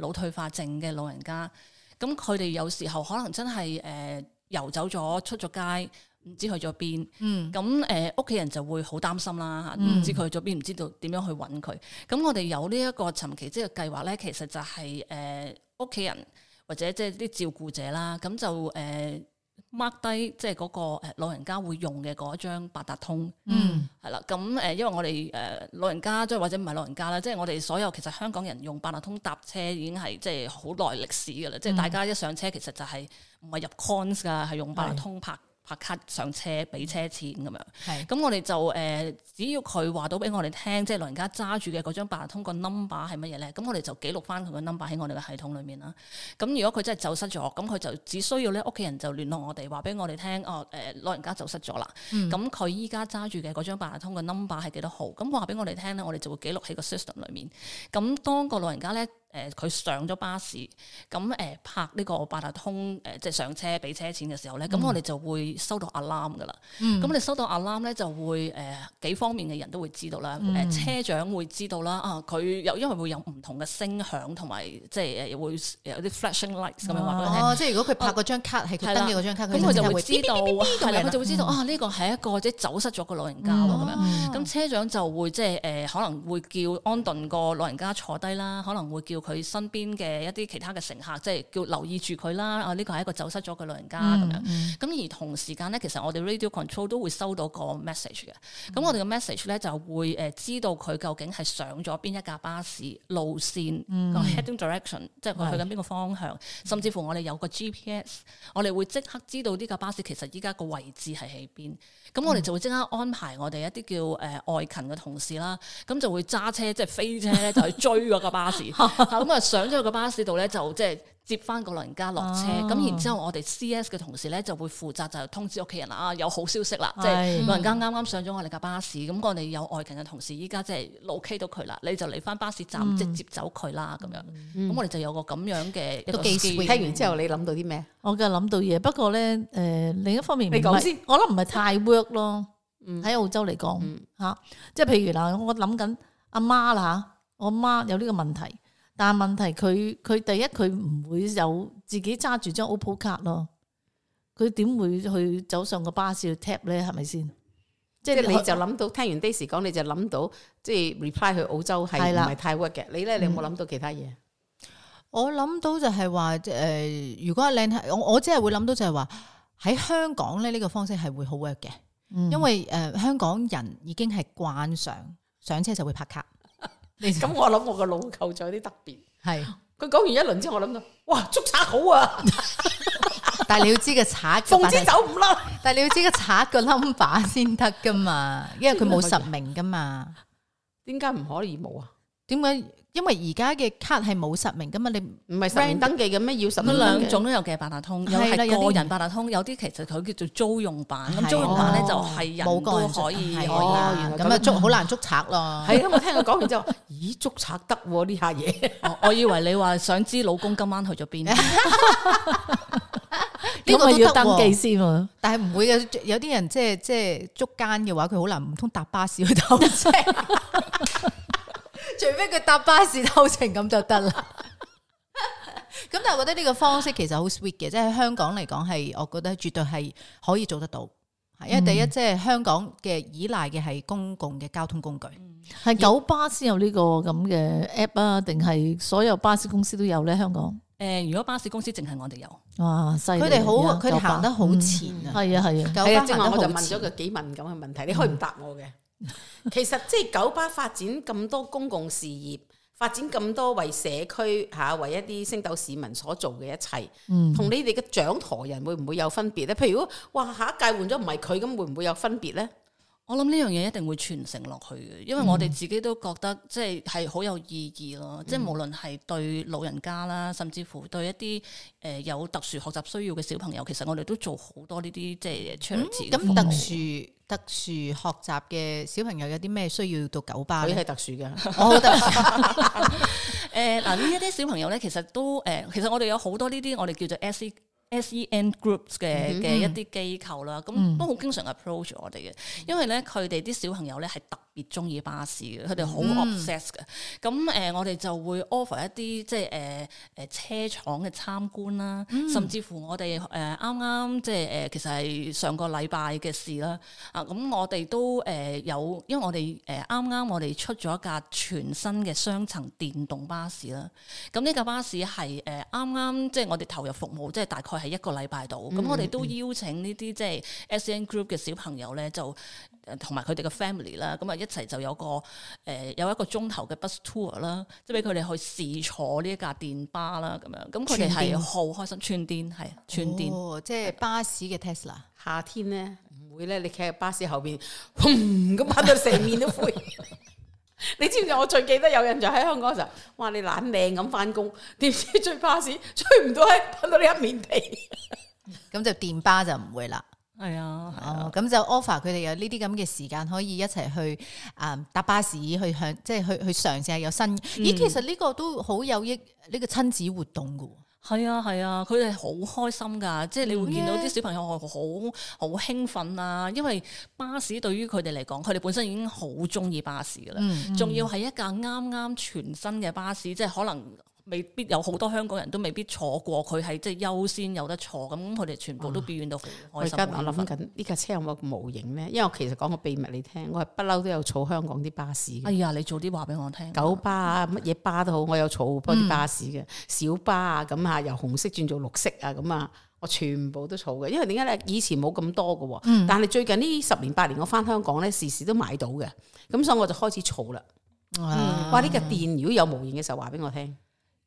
Speaker 3: 腦、呃、退化症嘅老人家，咁佢哋有時候可能真係誒遊走咗出咗街，唔知去咗邊。嗯，咁誒屋企人就會好擔心啦，吓，唔知佢去咗邊，唔知道點樣去搵佢。咁、嗯、我哋有呢一個尋奇積嘅計劃咧，其實就係誒屋企人。或者即係啲照顧者啦，咁就誒 mark 低即係嗰個老人家會用嘅嗰張八達通，嗯，係啦，咁誒因為我哋誒、呃、老人家即係或者唔係老人家啦，即係我哋所有其實香港人用八達通搭車已經係即係好耐歷史㗎啦，即係、嗯、大家一上車其實就係唔係入 coins 㗎，係用八達通拍。拍卡上車，俾車錢咁樣。係、嗯，咁我哋就誒，只要佢話到俾我哋聽，即係老人家揸住嘅嗰張八達通個 number 係乜嘢咧？咁我哋就記錄翻佢個 number 喺我哋嘅系統裏面啦。咁如果佢真係走失咗，咁佢就只需要咧屋企人就聯絡我哋，話俾我哋聽，哦誒，老人家走失咗啦。咁佢依家揸住嘅嗰張八達通個 number 係幾多號？咁話俾我哋聽咧，我哋就會記錄喺個 system 裏面。咁當個老人家咧。誒佢上咗巴士，咁誒拍呢個八達通誒，即係上車俾車錢嘅時候咧，咁我哋就會收到 alarm 噶啦。咁你收到 alarm 咧，就會誒幾方面嘅人都會知道啦。誒車長會知道啦。啊，佢有因為會有唔同嘅聲響同埋，即係誒會有啲 flashing lights 咁樣話俾你聽。哦，即係
Speaker 1: 如果佢拍嗰張 card 係佢登嘅嗰張 card，咁佢就會知道啊，佢就會知道啊，
Speaker 3: 呢個係一個即係走失咗個老人家咯咁樣。咁車長就會即係誒可能會叫安頓個老人家坐低啦，可能會叫。佢身邊嘅一啲其他嘅乘客，即係叫留意住佢啦。啊，呢個係一個走失咗嘅老人家咁、嗯嗯、樣。咁而同時間咧，其實我哋 radio control 都會收到個 message 嘅。咁、嗯、我哋嘅 message 咧就會誒知道佢究竟係上咗邊一架巴士、路線個 heading direction，即係佢去緊邊個方向，是甚至乎我哋有個 GPS，、嗯、我哋會即刻知道呢架巴士其實依家個位置係喺邊。咁我哋就會即刻安排我哋一啲叫誒外勤嘅同事啦，咁就會揸車，即係飛車咧， 就去追嗰個巴士，咁啊 上咗個巴士度咧就即係。接翻個老人家落車，咁然之後我哋 C.S. 嘅同事咧就會負責就通知屋企人啦，有好消息啦，即係老人家啱啱上咗我哋架巴士，咁我哋有外勤嘅同事依家即係老 K 到佢啦，你就嚟翻巴士站即接走佢啦，咁樣，咁我哋就有個咁樣嘅。一個。
Speaker 2: 都幾 sweet。聽完之後你
Speaker 1: 諗到啲咩？我嘅諗到嘢，不過咧誒另一方面，你講先，我諗唔係太 work 咯，喺澳洲嚟講嚇，即係譬如啦，我諗緊阿媽啦嚇，我媽有呢個問題。但問題佢佢第一佢唔會有自己揸住張 OPPO 卡咯，佢點會去走上個巴士去 tap 咧？係咪先？
Speaker 2: 即係你就諗到我聽完 Daisy 講，你就諗到，即係 reply 去澳洲係啦，係太 work 嘅的？你咧你有冇諗到其他嘢、嗯？
Speaker 1: 我諗到就係話誒，如果阿靚，我我即係會諗到就係話喺香港咧，呢、這個方式係會好 work 嘅，嗯、因為誒、呃、香港人已經係慣常上車就會拍卡。咁我諗
Speaker 2: 我個老舅就有啲特別，係佢講完一輪之後，我諗到，哇，捉賊好啊！ 但係你要知個賊，奉旨走唔甩。 但係你要知
Speaker 1: 個賊個 number 先得噶嘛，因為佢冇實名噶嘛，
Speaker 2: 點
Speaker 1: 解唔可以冇啊？點解？因為而家嘅卡係冇實名噶嘛，你唔係實名登記嘅咩？要實名。咁兩種都
Speaker 3: 有嘅，八達通又係個人八達通，有啲其實佢叫做租用版。咁租用版咧就係人都可以。哦，咁啊捉
Speaker 1: 好難捉賊
Speaker 3: 咯。係啊，我聽佢講完之後，咦，捉賊得呢下嘢？我以為你話想知老公今晚去咗
Speaker 2: 邊？呢個要登記
Speaker 1: 先，但係唔會有啲人即係即係捉奸嘅話，佢好難唔通搭巴士去偷。除非佢搭巴士偷情咁就得啦，咁但係我覺得呢個方式其實好 sweet 嘅，即係喺香港嚟講係，我覺得絕對係可以做得到。嗯、因為第一，即、就、係、是、香港嘅依賴嘅係公共嘅交通工具，係、嗯、九巴先有呢個咁嘅 app 啊，定係所有巴士公司都有咧？香港誒、
Speaker 2: 呃，如果巴士公司淨係我哋有，
Speaker 1: 哇，佢哋好，佢哋行得好前、嗯、啊，係啊係啊，九巴正話、啊、我就問咗佢
Speaker 2: 幾敏感嘅問題，你可以唔答我嘅。嗯 其實即係九巴發展咁多公共事業，發展咁多為社區吓、啊、為一啲升斗市民所做嘅一切，同、嗯、你哋嘅掌舵人會唔會有分別呢？譬如話下一屆換咗唔係佢，咁會唔會有分別呢？我諗呢樣嘢一定會傳承落去嘅，因為我哋自己都
Speaker 3: 覺得、嗯、即係係好有意義咯。嗯、即係無論係對老人家啦，甚至乎對一啲誒、呃、有特殊學習需要嘅小朋友，其實我哋都做好多呢啲即係措施。咁、嗯、特殊
Speaker 1: 特殊學習嘅小朋友有啲咩需要到九巴？你係特殊嘅，我好特殊。誒嗱，呢一啲小朋友咧，其實都誒、呃，其實我
Speaker 3: 哋有好多呢啲，我哋叫做、SE SEN groups 嘅嘅一啲機構啦，咁、mm hmm. 都好經常 approach 我哋嘅，mm hmm. 因為咧佢哋啲小朋友咧係特別鍾意巴士嘅，佢哋好 obsess 嘅。咁誒、嗯呃，我哋就會 offer 一啲即係誒誒車廠嘅參觀啦，嗯、甚至乎我哋誒啱啱即係誒、呃、其實係上個禮拜嘅事啦。啊，咁、嗯、我哋都誒、呃、有，因為我哋誒啱啱我哋出咗一架全新嘅雙層電動巴士啦。咁呢架巴士係誒啱啱即係我哋投入服務，即係大概係一個禮拜度。咁、嗯嗯、我哋都邀請呢啲即係 S N Group 嘅小朋友咧，就。就同埋佢哋嘅 family 啦，咁啊一齊就有個誒有一個鐘頭嘅 bus tour 啦，即係俾佢哋去試坐呢一架電巴啦咁樣，咁佢哋係好
Speaker 2: 開心。串電係串電，即係巴士嘅 Tesla。夏天咧唔會咧，你企喺巴士後邊，咁、呃、拍到成面都灰。 你知唔知我最記得有印象喺香港嘅時候，哇！你懶靚咁翻工，點知追巴士，吹唔到喺噴到呢一面地，
Speaker 1: 咁 就電巴就唔會啦。係啊，啊哦，咁就 offer 佢哋有呢啲咁嘅時間可以一齊去啊搭、嗯、巴士去向，即係去去，去嘗試下有新。咦、嗯，其實呢個都好有益，呢、呢個親子活動嘅
Speaker 3: 喎。係啊係啊，佢哋好開心噶，即係你會見到啲小朋友好好、嗯、興奮啊，因為巴士對於佢哋嚟講，佢哋本身已經好中意巴士嘅啦，仲、嗯、要係一架啱啱全新嘅巴士，即係可能。未必有好多香港人都未必坐過，佢係即係優先有得坐咁，佢哋全部都表、嗯、現到好開心啊！我而家諗
Speaker 2: 緊呢架車有冇模型咧？因為我其實講個秘密你聽，我係不嬲都有坐香港啲巴士。哎呀，你早啲話俾我聽，九巴啊，乜嘢、嗯、巴都好，我有坐過啲巴士嘅、嗯、小巴啊，咁啊由紅色轉做綠色啊，咁啊我全部都坐嘅。因為點解咧？以前冇咁多㗎，嗯、但係最近呢十年八年，我返香港咧時時都買到嘅，咁所以我就開始坐啦。嗯、哇！呢架電如果有模型嘅時候，話俾我聽。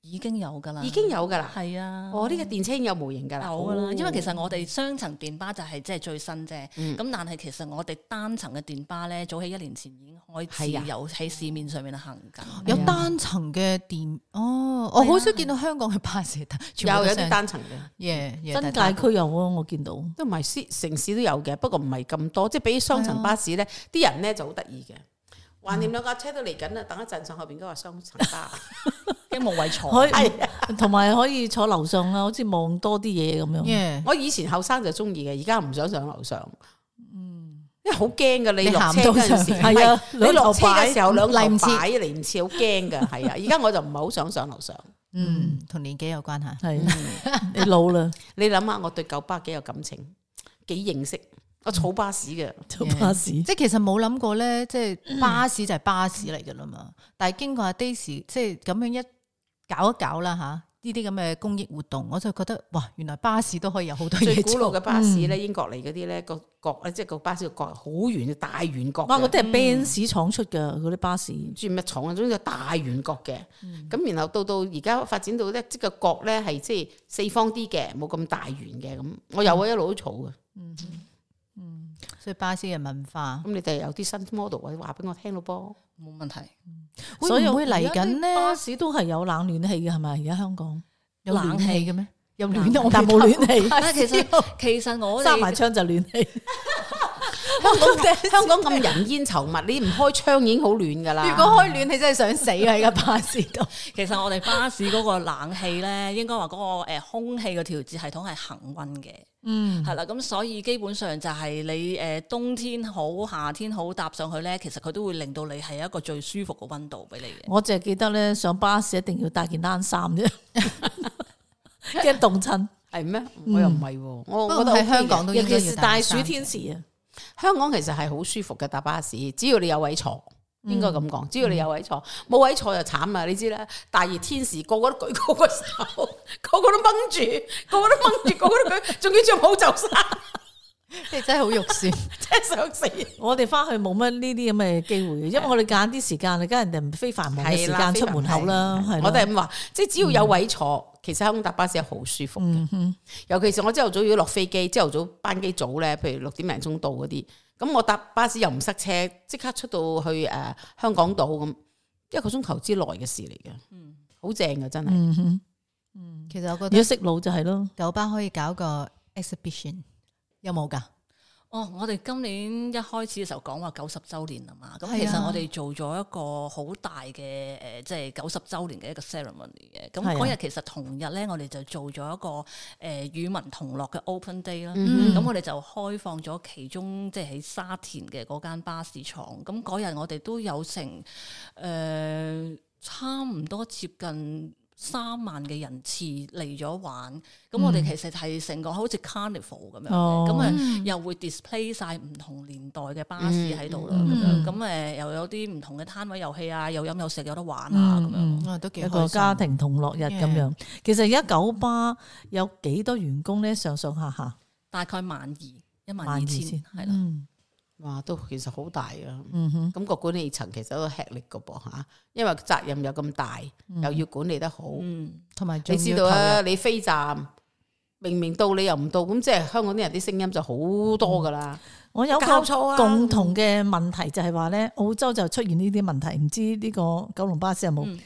Speaker 3: 已經有噶啦，已經
Speaker 2: 有噶啦，係啊，我呢個電車已經有模型噶啦，有噶啦，因為其實我哋雙層電巴就係即係最新啫，
Speaker 3: 咁但係其實我哋單層嘅電巴咧，早喺一年前已經開始有喺市面上
Speaker 2: 面行緊，
Speaker 1: 有單層嘅電，哦，我好少見到香
Speaker 2: 港嘅巴士，有，有啲單層嘅，耶，新界區有啊，我見到，都唔係城市都有嘅，不過唔係咁多，即係比起雙層巴士咧，啲人咧就好得意嘅。懷念兩架車都嚟緊啦，等一陣上後邊嗰個雙層巴，驚冇位坐。同埋可以坐樓上啦，好似望多啲嘢咁樣。我以前後生就中意嘅，而家唔想上樓上。嗯，因為好驚噶，你落車嗰陣時，係啊，你落車嘅時候兩嚟唔擺似好驚噶，係啊。而家我就唔係好想上樓上。嗯，同年紀有關係。係啊，你老啦。你諗下，我對九巴幾有感情，幾認識。我儲巴士嘅，儲巴士，即
Speaker 1: 係其實冇諗過咧，即係、嗯、巴士就係巴士嚟噶啦嘛。但係經過 Daisy 即係咁樣一搞一搞啦吓，呢啲咁嘅公益活動，我就覺得哇，
Speaker 2: 原來巴士都可以有好多嘢儲。最古老嘅巴士咧，英國嚟嗰啲咧個角咧，即係個巴士個角好圓嘅，大圓角。哇，嗰啲係 Benz 廠出嘅，嗰啲巴士，唔知咩廠啊？總之個大圓角嘅。咁、嗯、然後到到而家發展到咧，即個角咧係即係四方啲嘅，冇咁大圓嘅咁。我有啊，一路都儲啊。嗯嗯。所以巴士嘅文化，咁你哋有啲新 model，話俾我聽咯噃，冇問題。所以會嚟緊
Speaker 1: 呢，巴士都係有冷暖氣嘅係咪？而家香港有冷氣嘅
Speaker 2: 咩？有暖，但冇暖氣。但係其實
Speaker 3: 其實我閂埋
Speaker 2: 窗就暖氣。香港咁人煙稠密，你唔開窗已經好暖噶啦。如果開暖氣真係想死啊！而家巴士度，
Speaker 3: 其實我哋巴士嗰個冷氣咧，應該話嗰個誒空氣嘅調節系統係恒温嘅。嗯，係啦、嗯，咁所以基本上就係你誒、呃、冬天好夏天好搭上去咧，其實佢都會令到你係一個最舒服嘅溫度俾你嘅。
Speaker 1: 我淨係記得咧，上巴士一定要帶件冷衫啫，
Speaker 2: 驚凍親。係咩？我又唔係、啊，嗯、我覺得喺香港應，都尤其是大暑天時啊，香港其實係好舒服嘅搭巴士，只要你有位坐。 應該咁講，只要你有位坐，冇位坐就慘啊！你知啦，大熱天時，個個都舉高個手，個個都掹住，個個都掹住，個個都舉，仲要着好袖衫，即 真係好肉
Speaker 1: 酸， 真係想死！ 我哋翻去冇乜呢啲咁嘅機會，因為我哋揀啲時間你而家人哋
Speaker 2: 唔非繁忙嘅時間出門口啦，我都係咁話，即係只要有位坐，其實喺搭巴士係好舒服嘅，嗯、哼尤其是我朝頭早要落飛機，朝頭早班機早咧，譬如六點零鐘到嗰啲。咁我搭巴士又唔塞車，即刻出到去誒、呃、香港島咁，一個鐘頭之內嘅事嚟嘅，好、嗯、正嘅真係、嗯。其實我覺得，如果識
Speaker 1: 路就係咯。九巴可以搞個 exhibition，有冇噶？哦，
Speaker 3: 我哋今年一開始嘅時候講話九十週年啊嘛，咁、啊、其實我哋做咗一個好大嘅誒，即係九十週年嘅一個 ceremony 嘅、啊，咁嗰日其實同日咧，我哋就做咗一個誒與、呃、民同樂嘅 open day 啦、嗯哼，咁我哋就開放咗其中即係喺沙田嘅嗰間巴士廠，咁嗰日我哋都有成誒、呃、差唔多接近。三萬嘅人次嚟咗玩，咁我哋其實係成個好似 Carnival 咁樣，咁啊、哦嗯、又會 display 晒唔同年代嘅巴士喺度啦，咁、嗯、樣，咁誒又有啲唔同嘅攤位遊戲啊，又飲又食有得玩啊，咁、嗯、樣，嗯哦、都幾一個家庭同樂日咁樣。
Speaker 1: Yeah. 其實而家九巴有幾多員工咧？上上下下
Speaker 3: 大概萬二 12, 000,、嗯，一萬二千，係啦。
Speaker 2: 哇，都其實好大啊！咁個、嗯、哼管理層其實都吃力嘅噃嚇，因為責任又咁大，嗯、又要管理得好。嗯，同埋你知道啊，你飛站明明到你又唔到，咁即係香港啲人啲聲音就好多㗎啦、嗯。我有搞錯啊，共同嘅問題就係話咧，澳洲就出現呢啲問題，唔知呢
Speaker 1: 個九龍巴士有冇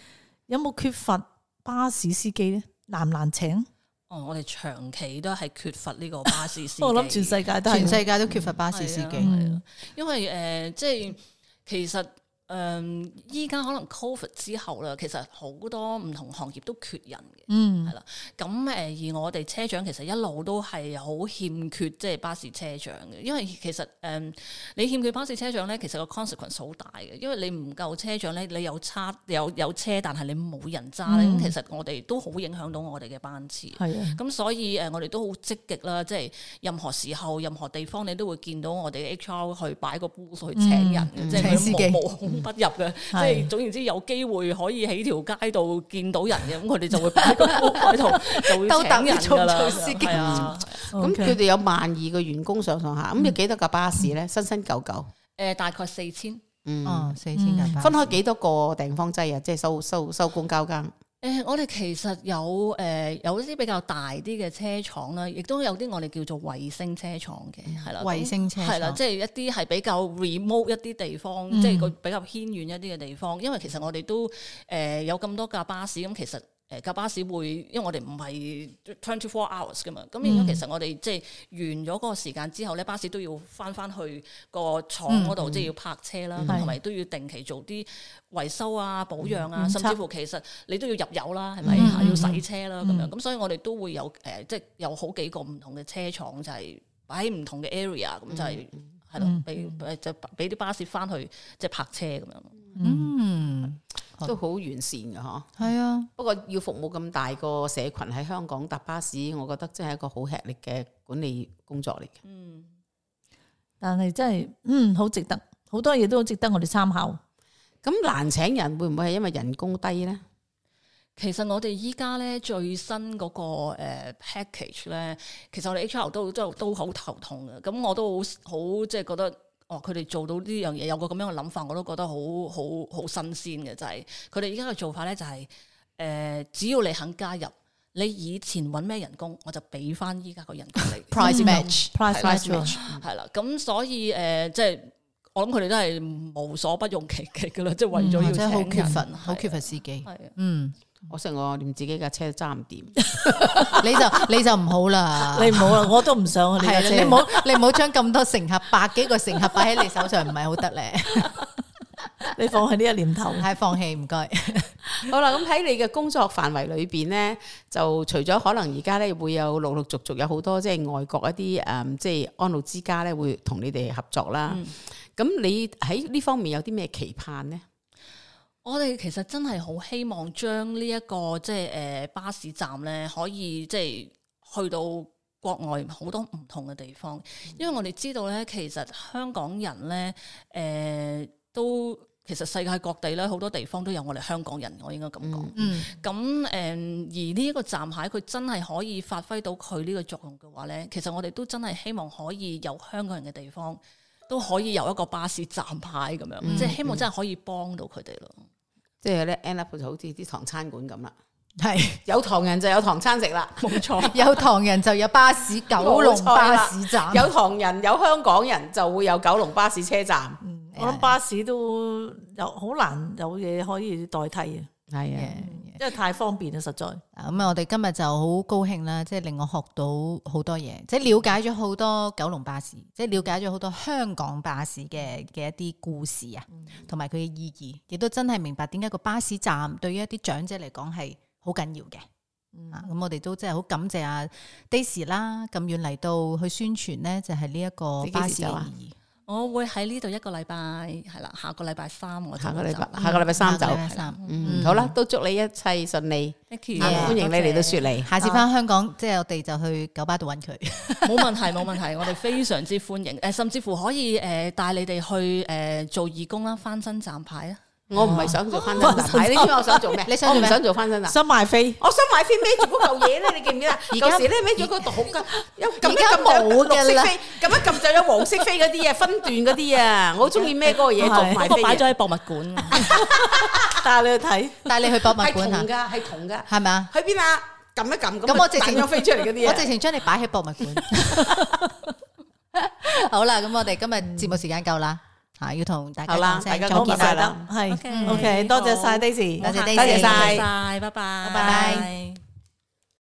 Speaker 1: 有冇、嗯、缺乏巴士司機咧？難唔難請？
Speaker 3: 哦、我哋長期都係缺乏呢個巴士司機， 我諗全世界都係，全世界都缺乏巴士司機，因為誒、呃，即係其實。誒，依家可能 Covid 之後啦，其實好多唔同行業都缺人嘅，係啦。咁誒，而我哋車長其實一路都係好欠缺，即係巴士車長嘅。因為其實誒，你欠缺巴士車長咧，其實個 consequence 好大嘅。因為你唔夠車長咧，你有揸有有車，但係你冇人揸咧，咁其實我哋都好影響到我哋嘅班次。咁所以誒，我哋都好積極啦，即係任何時候、任何地方，你都會見到我哋 HR 去擺個 booth 去請人即係佢不入嘅，即係是的 總言之，有機會可以喺條街度見到人嘅，咁佢哋就會擺個高台 就會 都等人㗎啦。係
Speaker 2: 咁，佢哋有萬二個員工上上下，咁要幾多架巴士咧？新新舊舊，
Speaker 3: 誒大概四千，嗯，
Speaker 2: 四千架，分開幾多個地方劑啊？即係收收收公交間。
Speaker 3: 誒、呃，我哋其實有誒、呃，有啲比較大啲嘅車廠啦，亦都有啲我哋叫做衛星車廠嘅，係啦、嗯，衛星車廠，係啦，即係一啲係比較 remote 一啲地方，嗯、即係個比較偏遠一啲嘅地方。因為其實我哋都誒有咁多架巴士，咁其實。架巴士會，因為我哋唔係 twenty four hours 嘅嘛，咁所以其實我哋即係完咗嗰個時間之後咧，巴士都要翻翻去個廠嗰度，即係、嗯、要泊車啦，同埋都要定期做啲維修啊、保養啊，甚至乎其實你都要入油啦，係咪、嗯嗯嗯？要洗車啦，咁、嗯嗯、樣。咁所以我哋都會有誒，即、呃、係、就是、有好幾個唔同嘅車廠，就係擺喺唔同嘅 area，咁就係
Speaker 2: 係咯，俾就俾啲巴士翻去即係、就是、泊車咁樣嗯。都好完善嘅嗬，係、嗯、啊。不過要服務咁大個社群喺香港搭巴士，我覺得真係一個好吃力嘅管理工作嚟嘅、嗯。嗯，但係真係，嗯，好值得，好多嘢都好值得我哋參考。咁難請人會唔會係因為人工低咧、那個
Speaker 3: uh,？其實我哋依家咧最新嗰個誒 package 咧，其實我哋 H R 都都都好頭痛嘅。咁我都好好即係覺得。佢哋做到呢樣嘢，有個咁樣嘅諗法，我都覺得好好好新鮮嘅，就係佢哋依家嘅做法咧，就是，就係誒，只要你肯加入，你以前搵咩人工，我就俾翻依家個人工你。 Price match，price match 係啦，咁所
Speaker 2: 以誒，呃，即係我諗佢哋都係無所不用其極噶啦，即係為咗要請人，好、嗯、缺乏司機，係啊，嗯。我成我連自己架車都揸唔掂，
Speaker 1: 你就你就唔好啦，你唔好啦，我都
Speaker 2: 唔想我 的你唔好
Speaker 1: 你唔好將咁多乘客，百幾個乘客擺喺你手上，唔係好得咧。 你放棄呢個念頭，係 放棄，唔該。
Speaker 2: 好啦，咁喺你嘅工作範圍裏邊咧，就除咗可能而家咧會有陸陸續續有好多即係外國一啲誒，即、嗯、係、就是、安老之家咧會同你哋合作啦。咁、嗯、你喺呢方面有啲咩期盼咧？
Speaker 3: 我哋其實真係好希望將呢一個即係、呃、巴士站咧，可以即係去到國外好多唔同嘅地方，因為我哋知道咧，其實香港人咧誒、呃、都其實世界各地咧好多地方都有我哋香港人，我應該咁講。嗯，咁、呃、誒而呢一個站牌，佢真係可以發揮到佢呢個作用嘅話咧，其實我哋都真係希望可以有香港人嘅地方都可以有一個巴士站牌咁樣，嗯、即係希望真係可以幫到佢哋咯。
Speaker 2: 即係咧，end up 就好似啲唐餐館咁啦，係的有唐人就有唐餐食啦，冇錯錯， 有唐人就有巴士， 九龍巴士站，有唐人有香港人就會有九龍巴士車站，嗯、我諗巴士都有好難有嘢
Speaker 1: 可以代替嘅，係啊的。嗯。因為太方便啦，實在。咁啊，我哋今日就好高興啦，即係令我學到好多嘢，即係了解咗好多九龍巴士，即係了解咗好多香港巴士嘅嘅一啲故事啊，同埋佢嘅意義，亦都真係明白點解個巴士站對於一啲長者嚟講係好緊要嘅。嗯、啊，咁我哋都真係好感謝啊，Daisy 啦，咁遠嚟到去宣傳呢，就係呢一個巴士嘅意義。
Speaker 3: 我會喺呢度一個禮拜，係啦，下個禮拜三我。下個禮拜，
Speaker 1: 嗯、下個禮拜三走。三，嗯，嗯好啦，
Speaker 3: 都祝你一切順利。Thank you.
Speaker 1: 歡迎你嚟到雪梨，謝謝下次翻香港，啊、即係我哋就去九巴度揾佢。
Speaker 3: 冇 問題，冇問題，我哋非常之歡迎。誒，甚至乎可以誒、呃，帶你哋去誒、呃、做義工啦，翻新站牌啊！我唔係想
Speaker 1: 做翻身男，你知我想做咩？你想唔想做翻身男？想買飛，
Speaker 2: 我想買飛，孭住嗰嚿嘢咧，你記唔記得？舊時咧孭咗個桶噶，一咁一咁樣綠色飛，咁一撳就有黃色飛嗰啲啊，分段嗰啲啊，我中意孭嗰個嘢。我擺咗喺博物館，帶你去睇，帶你去博物館啊！係銅噶，係銅噶，係咪啊？去邊啊？撳一撳咁，我直情飛出嚟嗰啲嘢，我直情
Speaker 1: 將你擺喺博物館。
Speaker 2: 好啦，咁我
Speaker 1: 哋今日節目時間夠啦。要同大家，啦，大家好，再見啦，係 OK 多謝晒，Daisy，多謝多謝晒，拜拜，
Speaker 3: 拜拜。拜拜